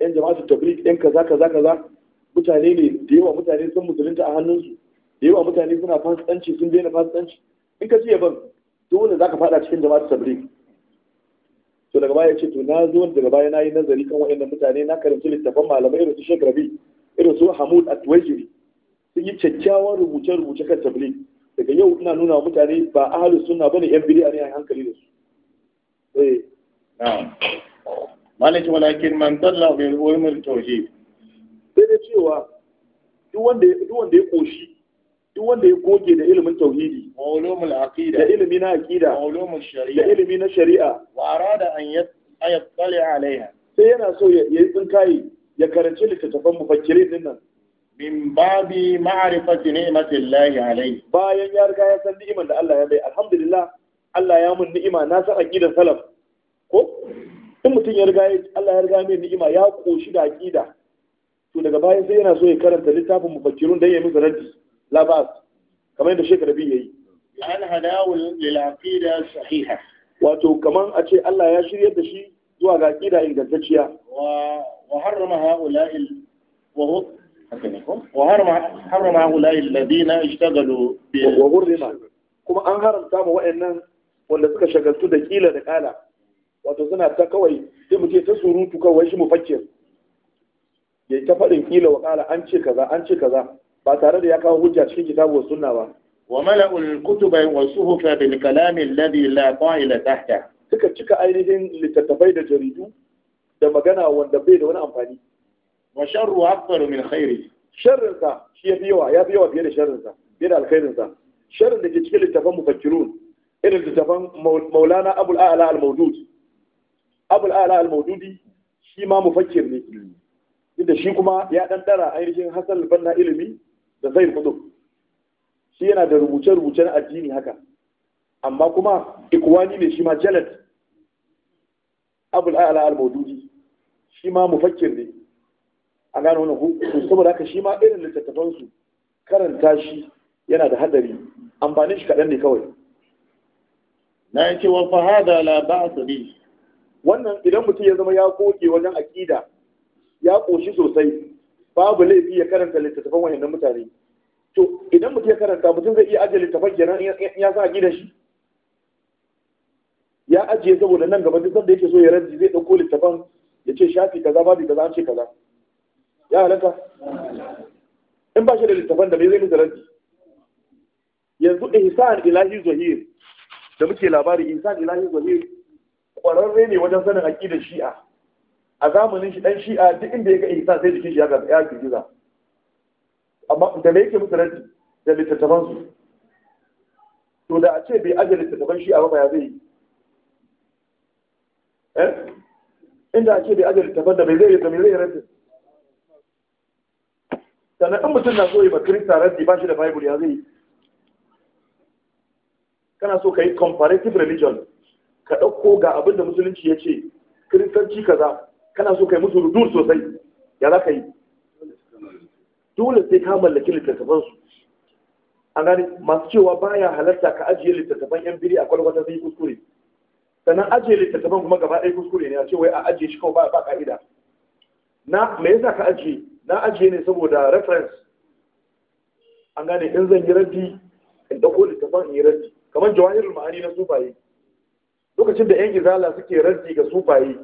S2: yan jama'atu tabligh yan kaza kaza kaza mutane ne da yawa mutane sun musulunta a hannunsu da yawa mutane suna fasikanci sun daina fasikanci in ka ci yaban dole za ka fada cikin jama'atu tabligh to daga baya ce to na zo daga baya na yi nazari kan wa'annan mutane na karanci littafan malamai irin su Sheikh irin su Hamud at wajiri sun yi kyakkyawan rubuce-rubuce kan tabligh daga yau ina nuna wa mutane ba ahalu suna bane yan bid'a ne a hankali da su eh walakin man dalla bi ulumul tauhid sai da cewa duk wanda duk wanda ya koshi duk wanda ya goge da ilimin tauhidi wa ulumul aqida da ilimi na aqida wa ulumul shari'a da ilimi na shari'a wa arada an yattali alaiha sai yana so ya yi tsinkayi ya karanci littattafan mufakkirin dinnan. nan من باب معرفة نعمة الله عليه بايا يا رجاء يا الله يا الحمد لله الله يا من نعمة ناس أكيد كو ثم تيجي الله يا من نعمة يا كوشي دا أكيدا تو نجا زوي كارن تلي تابو ده يمين زرنتي لا باس كمان ده شيء كربي يجي أنا للعقيدة صحيحة واتو كمان أشي الله يا شريعة دشي زوا إنك تشيا وحرم هؤلاء وهو haka ne ko wa harma harma ulai alladina kuma an haramta mu wayannan wanda suka shagaltu da kila da kala wato suna ta kawai sai mu ta surutu kawai shi mu fakkir ya ta faɗin kila wa kala an ce kaza ba tare da ya kawo hujja cikin kitabu sunna ba wa mala'ul kutuba wa suhufa bil kalam alladhi la ta'ila tahta suka cika ainihin littattafai da jaridu da magana wanda bai da wani amfani wa sharru akbaru min khairi sharrin sa shi ya yawa ya yawa fiye da sharrin sa fiye da alkhairin sa sharrin da ke cikin littafan mufakkirun irin littafan maulana abul a'la al-mawdud abul a'la al-mawdudi shi ma mufakkir ne inda shi kuma ya dan dara ainihin hasan al-banna ilimi da zain kutub shi yana da rubuce-rubuce na addini haka amma kuma ikwani ne shi ma jalad abul a'la al-mawdudi shi ma mufakkir ne a gano wani ku saboda haka shi ma irin littattafansu karanta shi yana da hadari amfanin shi kaɗan ne kawai na yake wa fahada la ba'sa wannan idan mutum ya zama ya koke wajen aƙida, ya ƙoshi sosai babu laifi ya karanta littattafan wayannan mutane to idan mutum ya karanta mutum zai iya ajiye littattafan kenan ya sa aƙidar shi ya ajiye saboda nan gaba duk sanda yake so ya raji zai ɗauko littattafan ya ce shafi kaza babu kaza an ce kaza ya halaka in ba shi da littafan da me zai musu raddi yanzu ihsan ilahi zahir da muke labari ihsan ilahi zahir kwararre ne wajen sanin aqidar shi'a a zamanin shi dan shi'a duk inda ya ga ihsan sai jikin shi ya ga ya amma da me yake musu raddi da littattafansu, su to da a ce bai ajiye littattafan shi'a ba ya zai yi eh inda a ce bai ajiye littattafan da bai zai yi da zai sannan in mutum na so yi ba kirista raddi ba shi da bible ya zai kana so ka yi comparative religion ka ɗauko ga abin da musulunci ya ce kiristanci kaza kana so ka yi musu rudur sosai ya za ka yi dole sai ka mallaki littattafansu A gani masu cewa baya halarta ka ajiye littattafan yan biri a kwalwata sai kuskure sannan ajiye littattafan kuma gaba ɗaya kuskure ne a ce wai a ajiye shi kawai ba ka'ida na me yasa ka ajiye na ajiye ne saboda reference an gane in zan yi raddi in ɗauko littafin in yi raddi kamar jawahir ma'ani na sufaye lokacin da 'yan izala suke raddi ga sufaye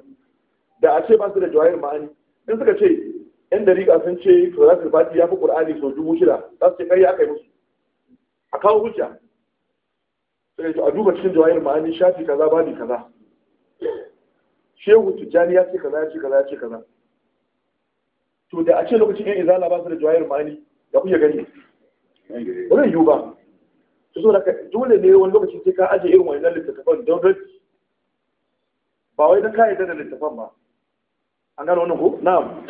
S2: da a ce ba su da jawahir ma'ani in suka ce 'yan dariƙa sun ce su fati ya fi qur'ani sau dubu shida za su ce kai aka yi musu a kawo hujja sai a duba cikin jawahir ma'ani shafi kaza babi kaza shehu tijjani ya ce kaza ya ce kaza ya ce kaza to da a ce lokacin yan izala ba su da jawayar ma'ani da kuya gani ba yiwu ba su so da dole ne wani lokacin sai ka ajiye irin wani littattafan don rage ba wai don kayan da littattafan ba an gano wani ko na'am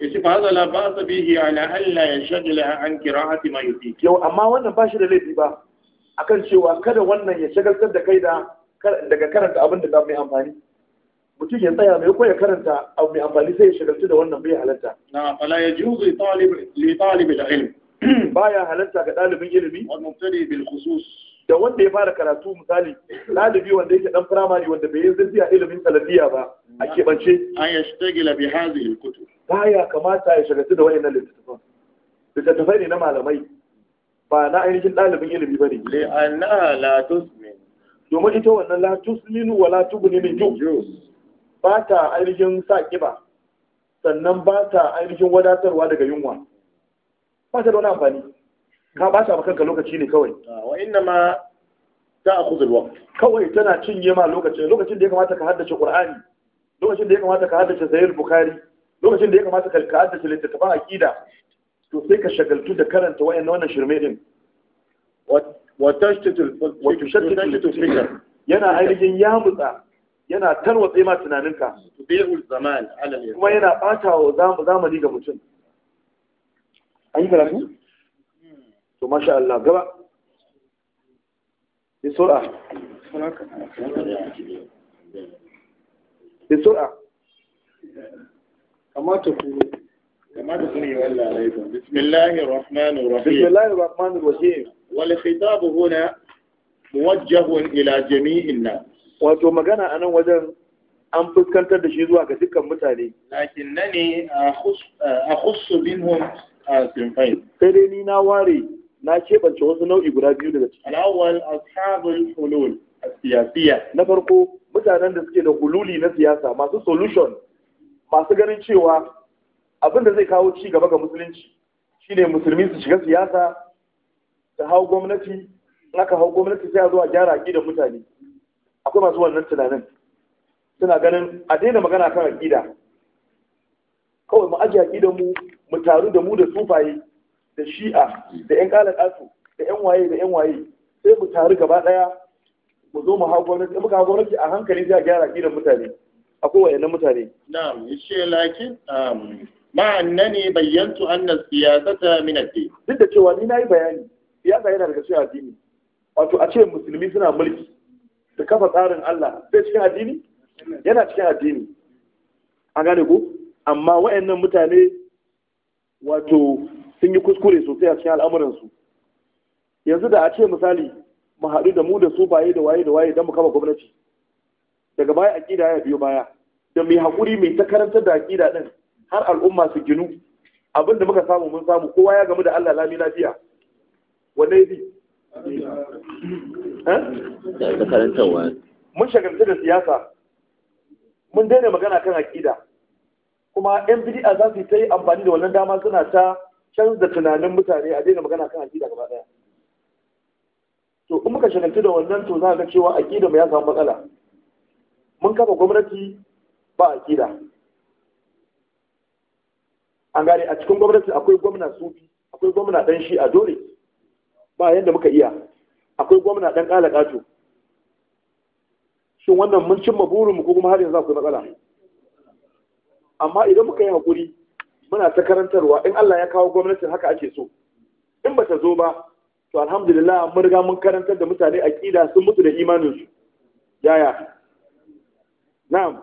S2: yace fa hadha la ba'sa bihi ala an la yashghalaha an qira'ati ma yuti yau amma wannan ba shi da laifi ba akan cewa kada wannan ya shagaltar da kai da daga karanta abin da za mu yi amfani mutum ya tsaya mai ko ya karanta abu mai amfani sai ya shagaltu da wannan bai halatta na fala yajuzu li talib al-ilm baya halatta ga ɗalibin ilimi Wa mubtadi bil khusus da wanda ya fara karatu misali ɗalibi wanda yake ɗan firamare wanda bai yi zirfi a ilimin salafiya ba a keɓance an ya shtagila bi ya kutu. Ba baya kamata ya shagaltu da wayannan littattafan littattafai ne na malamai ba na ainihin ɗalibin ilimi ba ne li'anna la tusmin domin ita wannan la tusminu wa la ne min jus ba ta ainihin sa ƙiba sannan ba ta ainihin wadatarwa daga yunwa ba ta da wani amfani ka ba ta kanka lokaci ne kawai ah, wa inna ma ta a alwaqt kawai tana cinye ma lokacin lokacin da ya kamata ka haddace ƙur'ani lokacin da ya kamata ka haddace zayar bukhari lokacin da ya kamata ka haddace littattafan aƙida to sai ka shagaltu da karanta wayannan wannan shirme din wa tashtatu al yana ainihin yamutsa yana tarwatse ma tunaninka bi'ul zaman ala kuma yana bata wa zamani ga mutum ayi karatu hmm. to masha Allah gaba bi sura bi sura amma to بسم الله ku الرحيم بسم الله الرحمن الرحيم والخطاب هنا موجه إلى جميع الناس wato magana a nan wajen an fuskantar da shi zuwa ga dukkan mutane lakin na ne a husu minhum a ah, sai dai ni na ware na keɓance wasu nau'i guda biyu daga ciki al'awwal ashabul hulul siyasiya na farko mutanen da suke da hululi na siyasa masu solution masu ganin cewa abin da zai kawo ci gaba ga musulunci shine musulmi su shiga siyasa ta hau gwamnati naka hau gwamnati sai a zuwa gyara aƙidar mutane akwai masu wannan tunanin suna ganin a daina magana kan aƙida kawai mu ajiye aƙidan mu mu taru da mu da sufaye da shi'a da yan ƙalan da yan waye da yan waye sai mu taru gaba ɗaya mu zo mu hago gwamnati muka hago gwamnati a hankali sai a gyara aƙidan mutane akwai wayannan mutane na'am yace lakin um, ma annani bayyantu anna siyasata min ad-din duk da cewa ni nayi bayani siyasa yana daga cikin addini wato a ce musulmi suna mulki da kafa tsarin Allah sai cikin addini yana cikin addini a gane ko amma wayannan mutane wato sun yi kuskure sosai a cikin al'amuransu yanzu da a ce misali mu haɗu da mu da su baye da waye da waye don mu kama gwamnati daga baya aƙida ya biyo baya da mai haƙuri mai ta karantar da aƙida ɗin har al'umma su ginu abin da muka samu mun samu kowa ya gamu da Allah lami lafiya Wannan ya Eh? mun shagaltu da siyasa mun daina magana kan aƙida kuma yan bid'a za su ta yi amfani da wannan dama suna ta canza tunanin mutane a daina magana kan aƙida gaba ɗaya to in muka shagaltu da wannan to za ga cewa aƙida mu ya samu matsala mun kafa gwamnati ba aƙida an gane a cikin gwamnati akwai gwamna sufi akwai gwamna ɗan shi a dole ba yadda muka iya akwai gwamna ɗan ƙala ƙato shin wannan mun cimma burinmu ko kuma har yanzu akwai matsala amma idan muka yi hakuri, muna ta karantarwa in Allah ya kawo gwamnatin haka ake so in ba ta zo ba to alhamdulillah mun riga mun karantar da mutane aqida sun mutu da imaninsu yaya na'am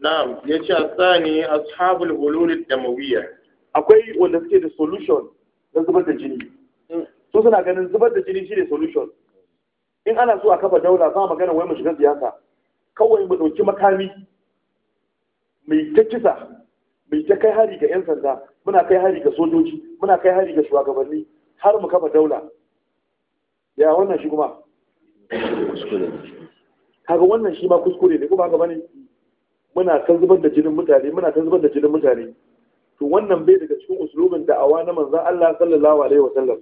S2: na'am yace asani ashabul hulul damawiyya akwai wanda suke da solution na zubar da jini so suna ganin zubar da jini shine solution in ana so a kafa daula za magana wai mu shiga siyasa kawai mu ɗauki makami mai ta kisa mai ta kai hari ga 'yan sanda muna kai hari ga sojoji muna kai hari ga shugabanni har mu kafa daula ya wannan shi kuma kaga wannan shi ma kuskure ne kuma haka bane muna ta zubar da jinin mutane muna ta zubar da jinin mutane to wannan bai daga cikin usulubin da'awa na manzon Allah sallallahu alaihi wa sallam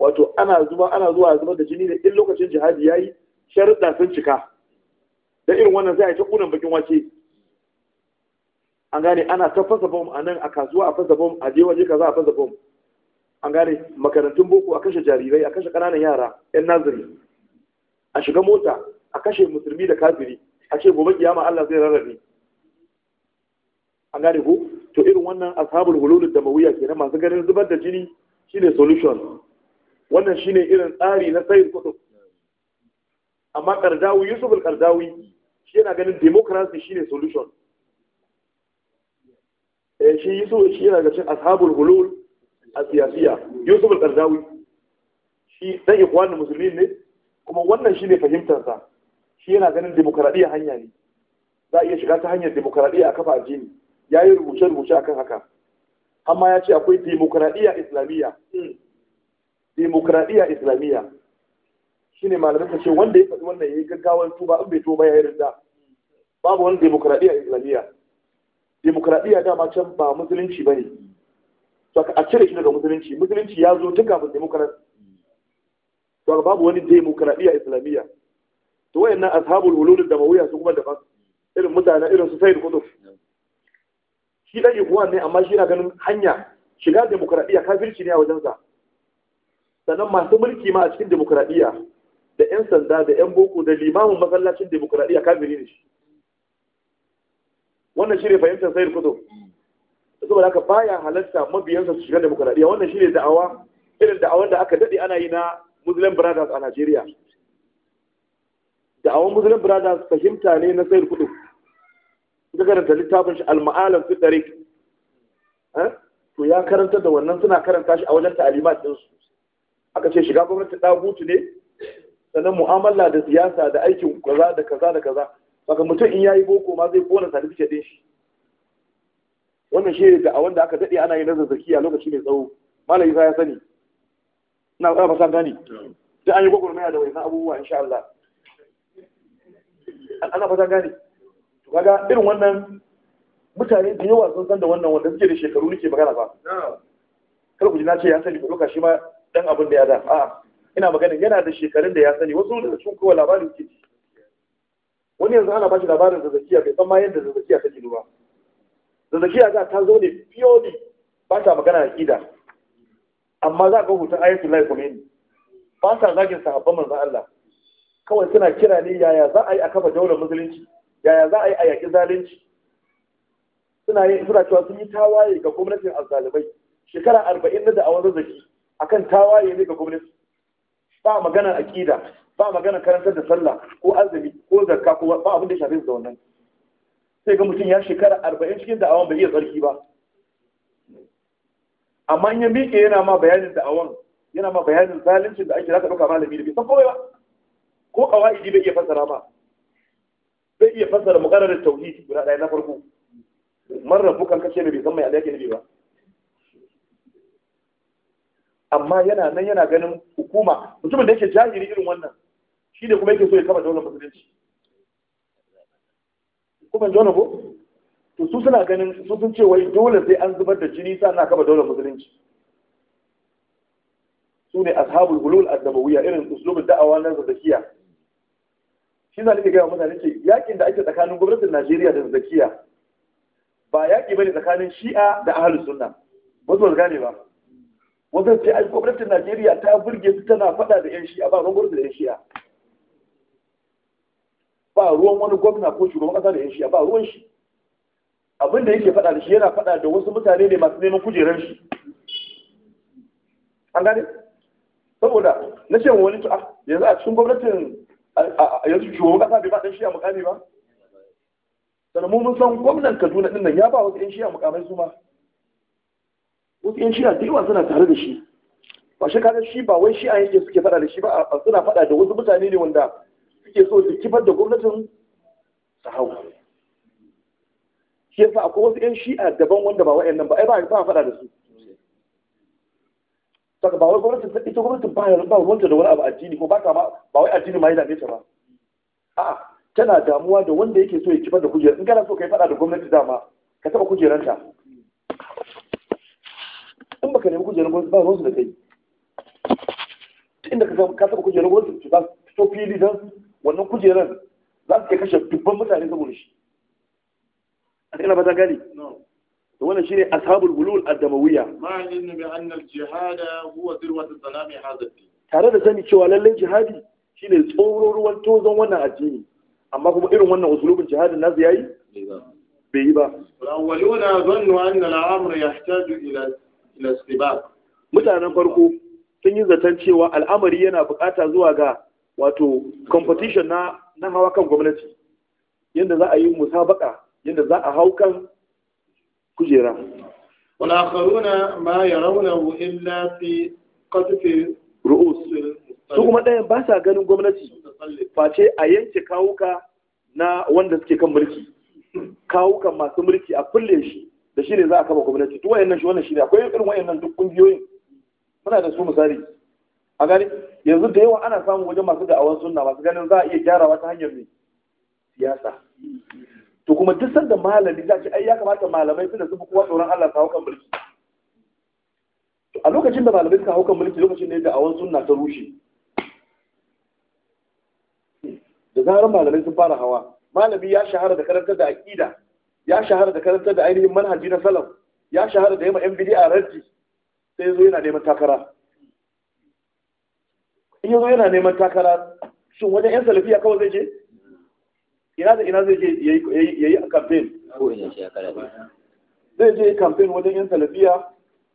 S2: wato ana zuwa ana zuwa zubar da jini da in lokacin jihadi yayi sharuɗa sun cika da irin wannan sai a ta kunan bakin wace an gane ana ta fasa bom a nan a kasuwa a fasa bom a je waje kaza a fasa bom an gane makarantun boko a kashe jarirai a kashe ƙananan yara yan nazari. a shiga mota a kashe musulmi da kafiri a ce gobe kiyama Allah zai rarrabe an gane ko to irin wannan ashabul hulul da mawiya kenan masu ganin zubar da jini shine solution wannan shine irin tsari na sayyid kutub amma kardawi yusuf al-kardawi shi yana ganin democracy shine solution eh shi yusuf shi yana ga cin ashabul hulul a siyasiya yusuf al-kardawi shi dan ikwanin musulmi ne kuma wannan shine fahimtarsa shi yana ganin demokradiyya hanya ne za a iya shiga ta hanyar demokradiyya a kafa addini ya yi rubuce-rubuce akan haka amma ya ce akwai demokradiyya islamiyya demokradiyya islamiyya shine malamin ta ce wanda ya faɗi wannan ya yi gaggawar tuba an bai tuba ya yi rinda babu wani demokradiyya islamiyya demokradiyya dama can ba musulunci ba ne saka a cire shi daga musulunci musulunci ya zo tun kafin demokrat saka babu wani demokradiyya islamiyya to wayannan ashabul hulul da mawuya su kuma daban irin mutane irin su sayyid qutb shi dan yi ne amma shi na ganin hanya shiga demokradiyya kafirci ne a wajensa sannan masu mulki ma a cikin demokradiyya da 'yan sanda da 'yan boko da limamin masallacin demokradiyya kafiri ne shi wannan shi ne fahimtar sayar kudu da aka baya halatta mabiyansa su shiga demokradiyya wannan shi ne da'awa irin da'awan da aka daɗe ana yi na muslim brothers a najeriya da'awan muslim brothers fahimta ne na sayar kudu suka karanta littafin shi al-ma'alam eh, to ya karanta da wannan suna karanta shi a wajen ta'alimat ɗinsu aka ce shiga gwamnati ɗagutu ne sannan mu'amala da siyasa da aikin kaza da kaza da kaza saka mutum in yayi boko ma zai kona certificate din shi wannan shi da a wanda aka dade ana yin na zazzaki a lokaci mai tsawo malam Isa ya sani ina ba ba gani Sai an yi gwagwarmaya da na abubuwa insha Allah ana fata gani? to kaga irin wannan mutane da yawa sun san da wannan wanda suke da shekaru nake magana ba kar ku ji na ce ya sani ku doka shi ma dan abin da ya da a ina magana yana da shekarun da ya sani wasu da sun kowa labarin ke ci wani yanzu ana bashi labarin zazzakiya bai san ma yadda zazzakiya take ba zazzakiya za ta zo ne fiyoni ba ta magana aqida amma za ka huta ayatul lahi kumeni ba sa zagin sahabban manzon Allah kawai suna kira ne yaya za a yi a kafa daular musulunci yaya za a yi a yaƙi zalunci suna yin suna cewa sun yi tawaye ga gwamnatin azzalibai shekara arba'in na da'awar zazzaki akan tawaye ne ga gwamnati ba magana akida ba magana karantar da sallah ko azumi ko zakka ko ba abin da shafe su da wannan sai ga mutum ya shekara arba'in cikin da'awan bai iya tsarki ba amma in ya miƙe yana ma bayanin da'awan yana ma bayanin zalincin da ake raka ɗauka malami da bai san komai ba ko ƙawa'idi bai iya fassara ba bai iya fassara muƙararar tauhidi guda ɗaya na farko Marar bukan kan kace bai san mai alaƙa ne ba amma yana nan yana ganin hukuma mutumin da yake jahiri irin wannan shi ne kuma yake so ya kama daular musulunci kuma jona ko to su suna ganin su sun ce wai dole sai an zubar da jini sa na kama daular musulunci su ne ashabul hulul addabawiya irin uslubin da'awa na zazzakiya shi za nake gaya mutane ce yakin da ake tsakanin gwamnatin Najeriya da zazzakiya ba yaki bane tsakanin Shi'a da Ahlus Sunna ba su gane ba wajen ce ai gwamnatin Najeriya ta burge su tana faɗa da 'yan shi'a ba ruwan gwamnati da 'yan shi'a ba ruwan wani gwamna ko shugaban ƙasa da 'yan shi'a ba ruwan shi abin da yake faɗa da shi yana faɗa da wasu mutane ne masu neman kujerar shi an gane saboda na ce wani ta ah, yanzu a cikin gwamnatin yanzu shugaban ƙasa bai ba ɗan shi'a mukami ba sannan mun san gwamnan Kaduna ɗin nan ya ba wasu 'yan shi'a mukamai su ma wasu shi shi'a da yawa suna tare da shi ba shi kada shi ba wai shi'a yake suke faɗa da shi ba a suna faɗa da wasu mutane ne wanda suke so su kifar da gwamnatin su hau shi yasa akwai wasu yan shi'a daban wanda ba wa'annan ba ai ba a faɗa da su saka ba wai gwamnatin ita gwamnatin ba ba ruwanta da wani abu addini ko ba ta ma ba wai addini ma ya dame ta ba a'a tana damuwa da wanda yake so ya kifar da kujera in kana so ka yi faɗa da gwamnati dama ka taɓa kujeranta in baka nemi kujerar gwamnati ba su da kai inda ka samu taɓa kujerar gwamnati za su fito fili don wannan kujerar za su iya kashe dubban mutane saboda shi a cikin ba ta gane to wannan shine ashabul hulul ad-damawiyya ma inna bi anna al-jihada huwa zirwatu salami hadha tare da sani cewa lallai jihadi shine tsoro ruwan tozon wannan addini amma kuma irin wannan usulubin jihadin nasu yayi bai yi ba al-awwaluna zannu anna al-amra yahtaju ila mutanen farko sun yi zaton cewa al'amari yana bukata zuwa ga wato competition na na hawa kan gwamnati yadda za a yi musabaka yadda za a hau kan kujera والآخرون ma يرونه illa fi قذف ru'us su kuma ɗayan ba sa ganin gwamnati face a yanke kawuka na wanda suke kan mulki kawukan masu mulki a kulle shi da shi ne za a kama gwamnati to wayannan shi wannan shi ne akwai irin wayannan duk kungiyoyin muna da su misali a gani yanzu da yawa ana samun wajen masu da'awar sunna masu ganin za a iya gyarawa ta hanyar ne siyasa to kuma duk sanda malami za ki ai ya kamata malamai suna su kowa tsoron Allah ta haukan mulki a lokacin da malamai suka haukan mulki lokacin ne awan sunna ta rushe da zarar malamai sun fara hawa malami ya shahara da karantar da aqida ya shahara da karanta da ainihin manhaji na salaf ya shahara da yamma yan bidi'a raddi sai yazo yana neman takara in yazo yana neman takara shin wajen yan salafiya kawai zai je ina da ina zai je yayi a campaign zai je campaign wajen yan salafiya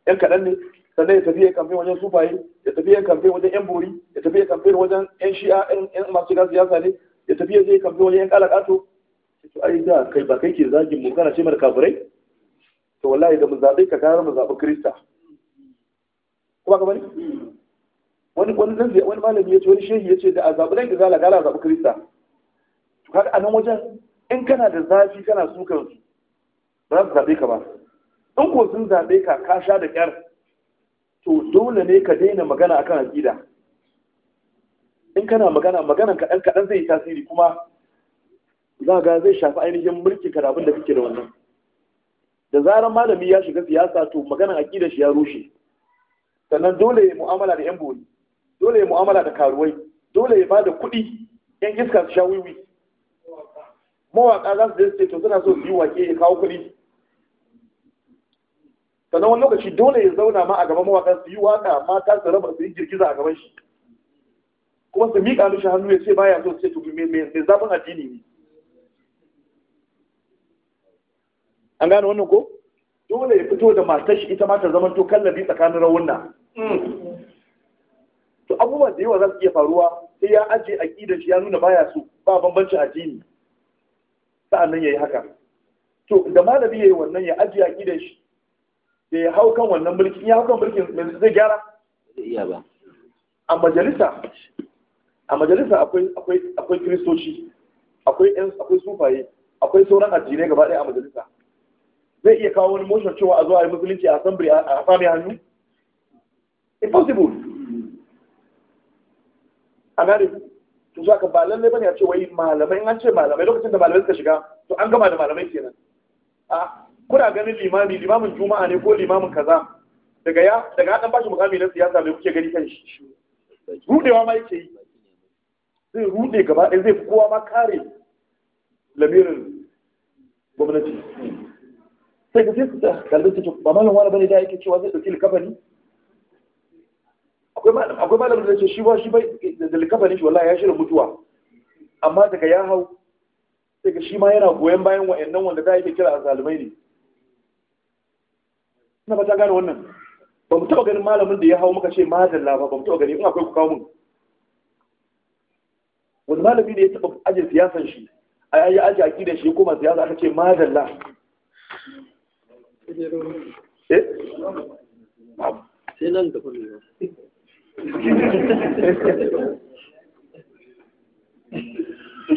S2: yan kaɗan ne sannan ya tafi ya kamfe wajen sufaye ya tafi ya kamfe wajen yan bori ya tafi ya kamfe wajen yan shi'a yan masu shiga siyasa ne ya tafi ya je wajen yan kalakato to ai da kai ba kai ke zagin mu kana ce mana kafirai to wallahi da mu zabe ka kare mu zabi krista ko ba ka bari wani wani dan wani malami yace wani shehi yace da a zabi dan izala gara zabi krista to kaga a nan wajen in kana da zafi kana sukan su ba za su zabe ka ba in ko sun zabe ka ka sha da kyar to dole ne ka daina magana akan aqida in kana magana maganan kaɗan kaɗan zai yi tasiri kuma za ga zai shafi ainihin mulki ka abin da kake da wannan da zarar malami ya shiga siyasa to maganar aƙidar shi ya rushe sannan dole ya mu'amala da yan bori dole ya mu'amala da karuwai dole ya bada kuɗi yan iska su sha wiwi mawaƙa za su je to suna so su yi wake ya kawo kuɗi sannan wani lokaci dole ya zauna ma a gaban mawaƙa su yi waka mata su raba su yi girgiza a gaban shi kuma su miƙa mishi hannu ya ce baya so ce to me zafin addini ne an gane wannan ko dole ya fito da matar shi ita ma ta zama to kallabi tsakanin rawunna mm. to abubuwan da yawa za su iya faruwa sai ya aje aqidar shi ya nuna baya so ba bambancin addini sa'annan yayi haka to da malami yayi wannan ya aje aqidar shi da ya hau kan wannan mulki ya hau kan mulkin zai gyara iya ba a majalisa a majalisa akwai akwai akwai kristoci akwai yan akwai sufaye akwai sauran addinai gaba ɗaya a majalisa zai iya kawo wani motion cewa a zuwa yi musulunci a sambari a sami hannu impossible a gari to zuwa ka ba lallai bane a ce wai malamai an ce malamai lokacin da malamai suka shiga to an gama da malamai kenan a kuna ganin limami limamin juma'a ne ko limamin kaza daga ya daga bashi mukami na siyasa mai kuke gani kan shi rudewa ma yake yi zai rude gaba ɗaya zai fi kowa ma kare lamirin gwamnati sai ka sai su ta kalbi su ba malam wani bane da yake cewa zai dauki likafani akwai malamin da ce shi ba shi bai da likafani shi wallahi ya shirin mutuwa amma daga ya hau sai ka shi ma yana goyon bayan wa'annan wanda da yake kira azalumai ne ina ba ta gane wannan ba mu taɓa ganin malamin da ya hau muka ce madalla ba ba mu taɓa gani in akwai ku kawo mun wani malami ne ya taɓa ajin siyasan shi a yayi aji akidar shi ko ma siyasa aka ce madalla Eh? sai nan gaba ne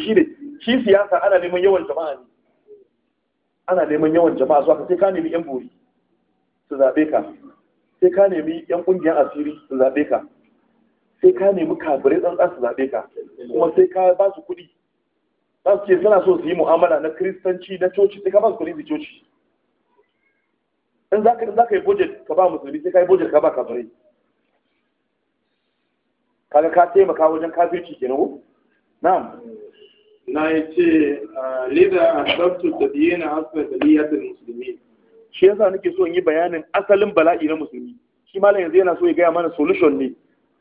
S2: shi ne shi siyasa ana neman yawan jama'a ne ana neman yawan jama'a zuwa sai ka nemi yan bori su zaɓe ka sai ka nemi yan ƙungiyar asiri su zaɓe ka sai ka nemi kafirai tsantsan su zaɓe ka kuma sai ka ba su kuɗi za su ce suna so su yi mu'amala na kiristanci na coci sai ka ba su kuɗi su coci in za ka yi budget ka ba musulmi sai ka yi budget ka ba kafirai kaga ka taimaka wajen kafirci ke ko na ya ce ah, lida a sabtu da biye na asali da liyatar musulmi shi yasa nake so in yi bayanin asalin bala'i na musulmi shi malam yanzu yana so ya gaya mana solution ne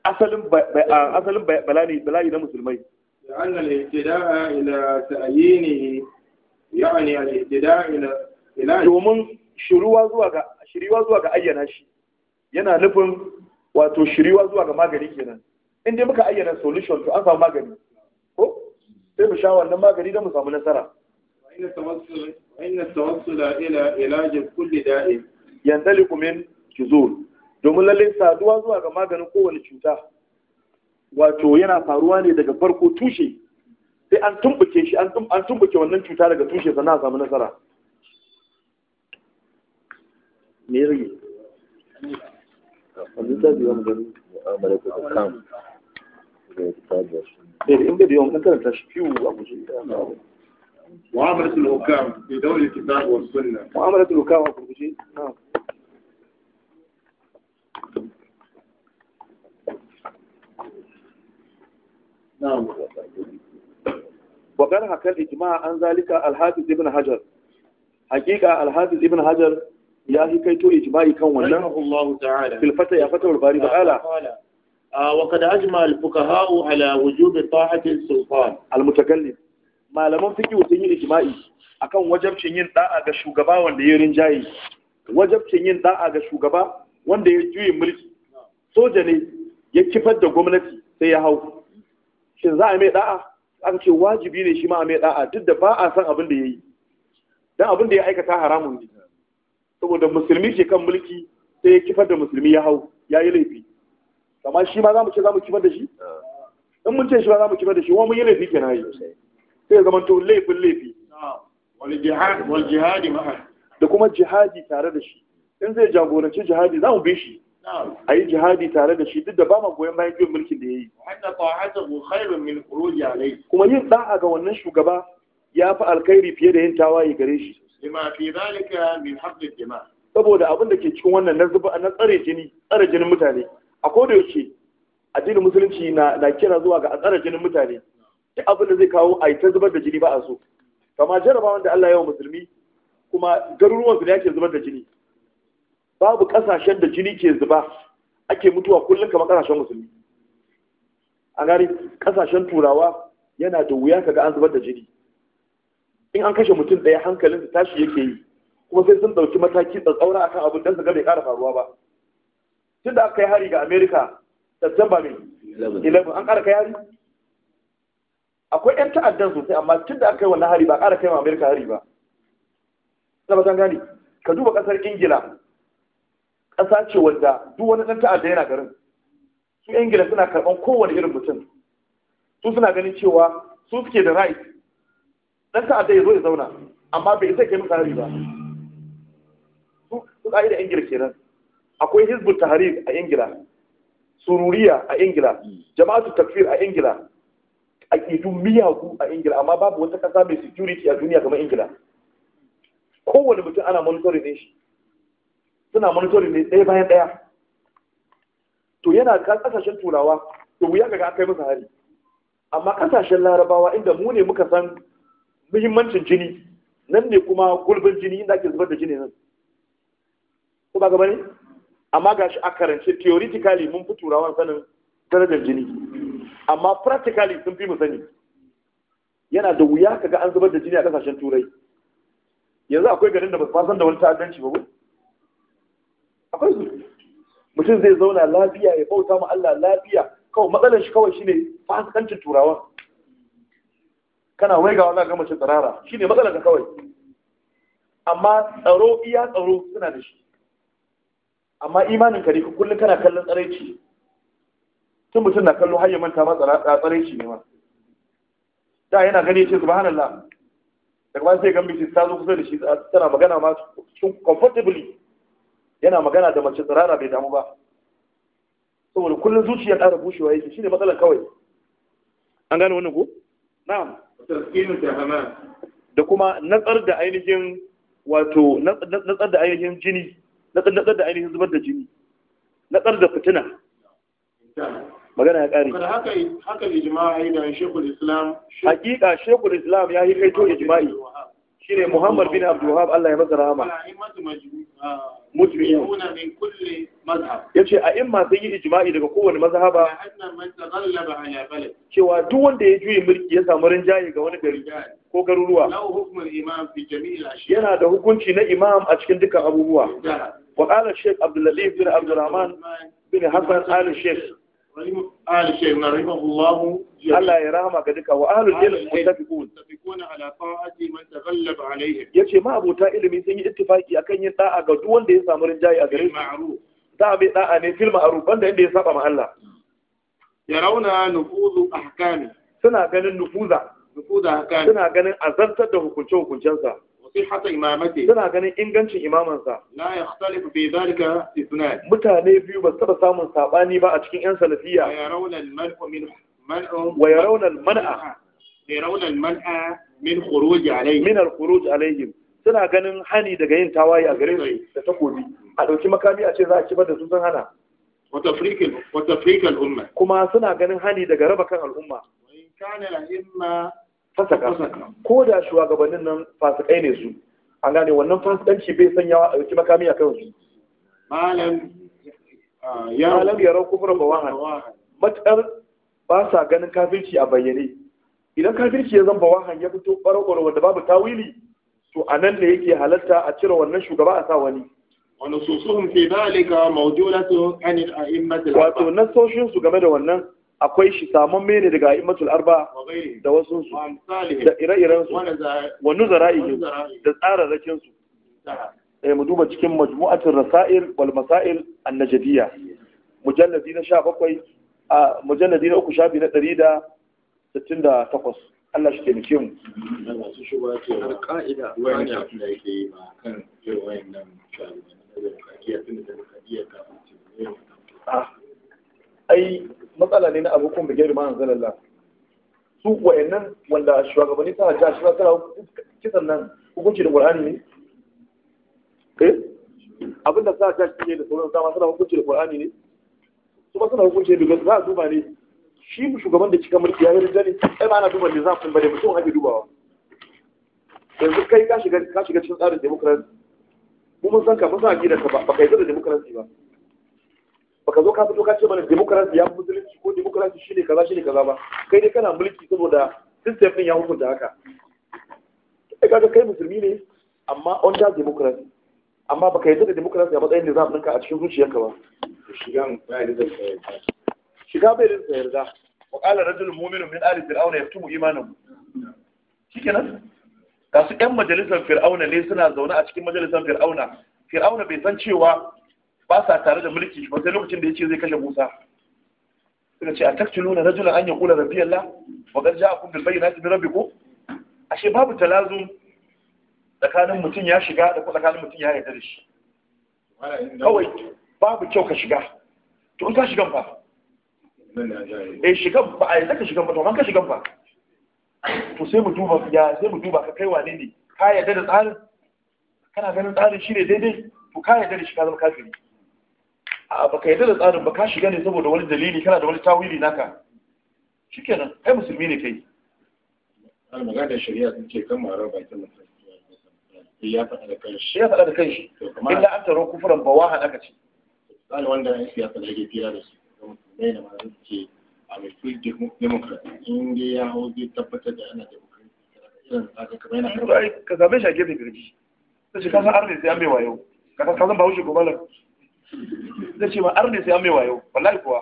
S2: asalin ah, asalin bala'i bala'i na musulmai da annal ihtida'a ila ta'yini
S1: yani al ihtida'a
S2: ila domin shiruwa zuwa ga shiriwa zuwa ga ayyana shi yana nufin wato shiriwa zuwa ga magani kenan inda muka ayyana solution to an samu magani ko sai mu sha wannan magani don mu samu nasara inna tawassula ila ilajin kulli da'in yantaliqu min juzur domin lalle saduwa zuwa ga maganin kowane cuta wato yana faruwa ne daga farko tushe sai an tumbuke shi an tumbuke wannan cuta daga tushe sannan samu nasara ميري آه، معاملة الحكام في دولة الكتاب والسنة معاملة الحكام في نعم نعم وقال هكا الإجماع عن ذلك الحافظ ابن حجر حقيقة الحافظ ابن حجر ya fi kai to ijma'i kan wannan Filfata ya rahimahullahu ta'ala fil fata ya fatawar bari ba'ala وقد أجمع الفقهاء على وجوب طاعة السلطان المتكلم ما لم فيكي وتنين إجماعي kan wajabcin yin da'a ga shugaba wanda ya rinjaye wajabcin yin da'a ga shugaba wanda ya juye mulki soja ne ya kifar da gwamnati sai ya hau shin za a mai da'a An ce wajibi ne shi ma a mai da'a duk da ba a san abin da ya yi dan abin da ya aikata haramun ne saboda musulmi ke kan mulki sai ya kifar da musulmi ya hau ya yi laifi kamar shi ma za mu ce za mu kifar da shi in mun ce shi ma za mu kifar da shi wani mun yi laifi kenan yi sai ya zama to laifin laifi wal jihadi da kuma jihadi tare da shi in zai jagoranci jihadi za mu bi shi a yi jihadi tare da shi duk da ba ma goyon bayan biyun mulkin da ya yi kuma yin da'a ga wannan shugaba ya fi alkhairi fiye da yin tawaye gare shi lima fi zalika min saboda abin da ke cikin wannan na zuba na tsare jini tsare jinin mutane a koda yake addinin musulunci na kira zuwa ga tsare jinin mutane duk abin da zai kawo a yi ta zubar da jini ba a so kama jarabawa da Allah ya wa musulmi kuma garuruwan su ne ake zubar da jini babu kasashen da jini ke zuba ake mutuwa kullum kamar kasashen musulmi a gari kasashen turawa yana da wuya kaga an zubar da jini in an kashe mutum ɗaya hankalin su tashi yake yi kuma sai sun ɗauki mataki da tsaura akan abin don su ga bai ƙara faruwa ba tun da aka kai hari ga amerika september mai 11 an ƙara kai hari akwai 'yan ta'addan sosai amma tun da aka kai wannan hari ba kara kai ma america hari ba na ba gani ka duba ƙasar ingila ƙasa ce wanda duk wani ɗan ta'adda yana garin su ingila suna karɓan kowane irin mutum su suna ganin cewa su suke da right dan ta'adda ya zo ya zauna amma bai isa kai musu hari ba su su ka'ida ingila kenan akwai hizbut tahrir a ingila sururiya a ingila jama'atu takfir a ingila aƙidun miyagu a ingila amma babu wata ƙasa mai security a duniya kamar ingila kowane mutum ana monitoring ne shi suna monitoring ne ɗaya bayan ɗaya to yana kan ƙasashen turawa to wuya ga aka yi masa hari amma ƙasashen larabawa inda mu ne muka san muhimmancin jini nan ne kuma gulbin jini inda ake zubar da jini nan ko ba gaba ne amma gashi a karance theoretically mun fi turawan sanin darajar jini amma practically sun fi mu sani yana da wuya kaga an zubar da jini a kasashen turai yanzu akwai garin da ba san da wani ta'addanci ba akwai su mutum zai zauna lafiya ya bauta ma Allah lafiya kawai matsalar shi kawai shine fasikancin turawan kana ga za ga mace tsirara ne matsalar ka kawai amma tsaro iya tsaro suna da shi amma imanin ka ne kullum kana kallon tsaraici tun mutum na kallo har manta ma tsaraici ne ma da yana gani ce subhanallah daga ba sai gambi mace ta zo kusa da shi tana magana ma cikin comfortably yana magana da mace tsirara bai damu ba saboda kullum zuciya ƙara bushewa yake shine matsalar kawai an gane wannan ko na'am taskinu jahannan da kuma natsar da ainihin wato natsar da ainihin jini natsar da ainihin zubar da jini natsar da fitina magana ya kare haka haka ijma'i da shekul islam hakika shekul islam ya yi kaito ijma'i shine muhammad bin abdul wahab Allah ya masa rahama mujmi'un min kulli mazhab yace a in ma sun yi ijma'i daga kowane mazhaba anna cewa duk wanda ya juye mulki ya samu rinjaye ga wani gari ko garuruwa yana da hukunci na imam a cikin dukkan abubuwa wa qala sheikh abdul latif bin abdul rahman bin hasan Allah ya rahama ga duka wa ahlul ilm muttafiqun muttafiquna ala ta'ati man taghallaba alaihim yace ma abota ilimi sun yi ittifaki akan yin da'a ga duk wanda ya samu rinjaye a gare shi da'a bai da'a ne fil ma'ruf banda inda ya saba ma Allah yarawna nufuzu ahkami suna ganin nufuza nufuza ahkami suna ganin azantar da hukunce hukuncensa sihhata suna ganin ingancin imamansa la mutane biyu ba saba taba samun sabani ba a cikin yan salafiya. wa yarawna al-man'a min man'a wa suna ganin hani daga yin tawaye a gare su da takobi a dauki makami a ce za a kibar da sun hana kuma suna ganin hani daga raba kan al'umma fasaka ko da shugabannin nan fasikai ne su an gane wannan fasikanci bai sanyawa a yauki makami a kansu malam ah, ya rau kufra ba wahan mat'ar ba sa ganin kafirci a bayyane idan kafirci ya zamba wahan ya fito ɓaro-ɓaro wanda babu tawili to a nan ne yake halatta a cire wannan shugaba a sa wani wani susuhun fi dalika mawjulatu anil a'immatil wato nasoshin su game da wannan akwai shi samun mene daga imatul arba da wasu su da ire-iren su wa nuzara'i da tsararrakin su eh mu duba cikin majmu'atul rasail wal masail an-najdiyya mujalladi na 17 a mujalladi na uku shafi na 168 Allah shi taimake mu masu shuba ce har ka'ida wani abu da yake yi ma kan irin wayannan shawarwari da kadiya tun da kadiya kafin ce ai matsala ne na abokan da gairu ma'an zalalla su wa'annan wanda shugabanni ta hajji a shi tara kisan nan hukunci da qur'ani ne eh abin da sa a shi ne da sauran dama suna hukunci da qur'ani ne su ba suna hukunci da za a duba ne shi shugaban da cika mulki ya yi ne? ai ma ana duba ne za kuma bane mutum ake dubawa yanzu kai ka shiga cikin tsarin demokrasi mun san ka mun san akidar ka ba kai da demokrasi ba baka zo ka fito ka ce mana demokarasi ya musulunci ko demokarasi shine kaza shine kaza ba kai dai kana mulki saboda system din ya hukunta haka kai kaga kai musulmi ne amma on da demokarasi amma baka yarda da demokarasi a matsayin nizam ka a cikin zuciyarka ba shiga bai da shiga bai da yarda wa qala rajulun mu'minun min ali fir'auna yaktumu imanahu shikenan ga su 'yan majalisar fir'auna ne suna zaune a cikin majalisar fir'auna fir'auna bai san cewa ba sa tare da mulki ba sai lokacin da ya ce zai kashe Musa suka ce a nuna rajulan an yaqula rabbi Allah wa qad ja'akum bil bayyinati min ko. ashe babu talazu tsakanin mutum ya shiga da kuma tsakanin mutum ya yarda da shi kawai babu kyau ka shiga to in ka shigan fa eh shigan ba ai zaka shigan ba to man ka shigan fa to sai mu duba ya sai mu duba ka kai wane ne ka yarda da tsarin kana ganin tsarin shi ne daidai to ka yarda da shi ka zama kafiri a baka yadda da tsarin ba ka shiga ne saboda wani dalili kana da wani tawili naka shikenan kai musulmi ne kai an magana shari'a sun ce kan mara bakin mutum ya faɗa da kanshi ya faɗa da kanshi illa an taro kufuran bawaha aka ce tsari wanda ya siyasa da yake fira da su da musulmai da masu ce a mai free democrat in dai ya hau zai tabbatar da ana democrat irin tsaka kamar yana ka zabe shi a gefe garji sai shi kasan arne sai an bai wayo ka san bahaushe gobe zai ce ma arne sai an mai wayo wallahi kuwa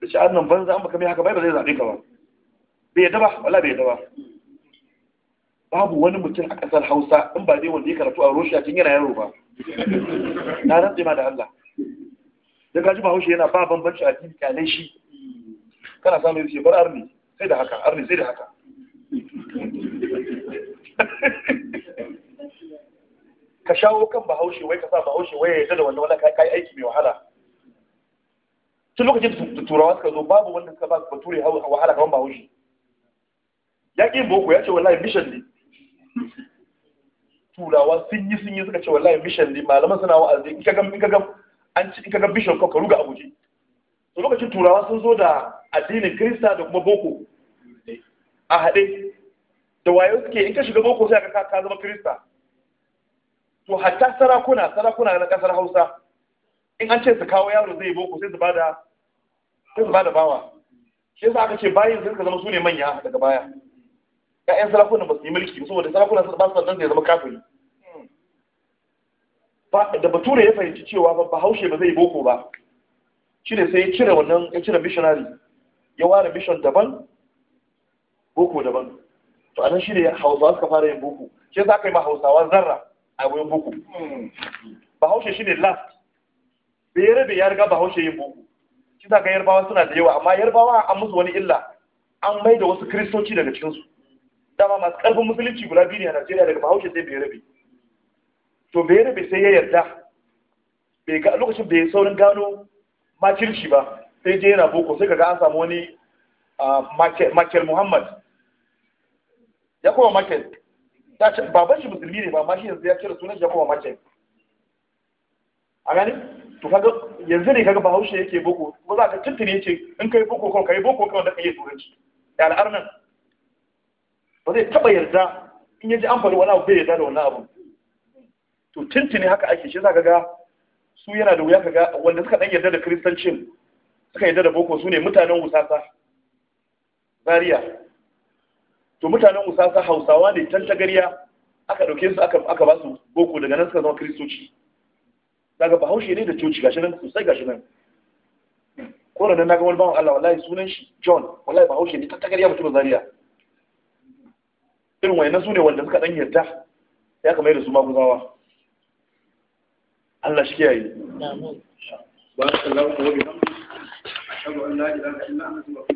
S2: zai ce arnan banza an baka mai haka bai ba zai zaɓe ka ba bai yadda ba wallahi bai yadda ba babu wani mutum a ƙasar hausa in ba dai wanda ya karatu a Roshiya, tun yana yaro ba na rantse ma da allah da gaji bahaushe yana ba bambanci a cikin kyalai shi kana samu yake bar arni sai da haka arni sai da haka ka shawo kan bahaushe wai ka sa bahaushe wai ya da wannan wannan kai aiki mai wahala tun lokacin da turawa suka zo babu wanda suka ba bature wahala kamar bahaushe ya ƙi boko ya ce wallahi mission ne turawa sun yi sun yi suka ce wallahi mission ne malaman suna wa'azi in ka ga in ka ga an ci in ka ga mission ka ruga abuji. to lokacin turawa sun zo da addinin krista da kuma boko a haɗe da wayo suke in ka shiga boko sai ka ka zama krista to hatta sarakuna sarakuna na kasar hausa in an ce su kawo yaro zai boko sai su bada sai su bada bawa shi yasa aka ce bayin sai suka zama su ne manya daga baya ƴaƴan sarakuna ba su yi mulki ba, saboda sarakuna ba su sannan zai zama kafiri da bature ya fahimci cewa ba bahaushe ba zai boko ba shi ne sai ya cire wannan ya cire missionary ya ware mission daban boko daban to anan shi ne hausawa suka fara yin boko shi yasa aka yi ma hausawa zarra a wurin boko bahaushe shi ne last bai ya riga bahaushe yin boko shi ga yarbawa suna da yawa amma yarbawa an musu wani illa an mai da wasu kristoci daga cikinsu dama masu ƙarfin musulunci guda biyu ne a najeriya daga bahaushe sai bai to bai sai ya yarda bai ga lokacin bai saurin gano makirci ba sai je yana boko sai kaga an samu wani ah, makel muhammad ya kuma makel ta ce baban shi musulmi ne ba ma shi yanzu ya cire sunan shi ya kuma mace a gani to kaga yanzu ne kaga bahaushe yake boko ko za ka tuntune ce in kai boko kawai kai boko kawai da kai turanci da al'ar nan ba zai taba yarda in yaji an faru wani abu bai yarda da wannan abu to tuntune haka ake shi za ka ga su yana da wuya ka ga wanda suka dan yarda da kristancin suka yarda da boko su ne mutanen wusasa zaria to mutanen sa hausawa ne can gariya aka ɗauke su aka ba su boko daga nan suka zama kiristoci daga bahaushe ne da coci gashi nan sosai gashi nan ko nan na ga wani bawan Allah wallahi sunan shi John wallahi bahaushe ne ta tagariya mutum Zariya. irin wayannan su ne wanda suka dan yarda ya kamar da su maguzawa Allah shi kiyaye barakallahu wa bihamdihi ashhadu an la ilaha illa anta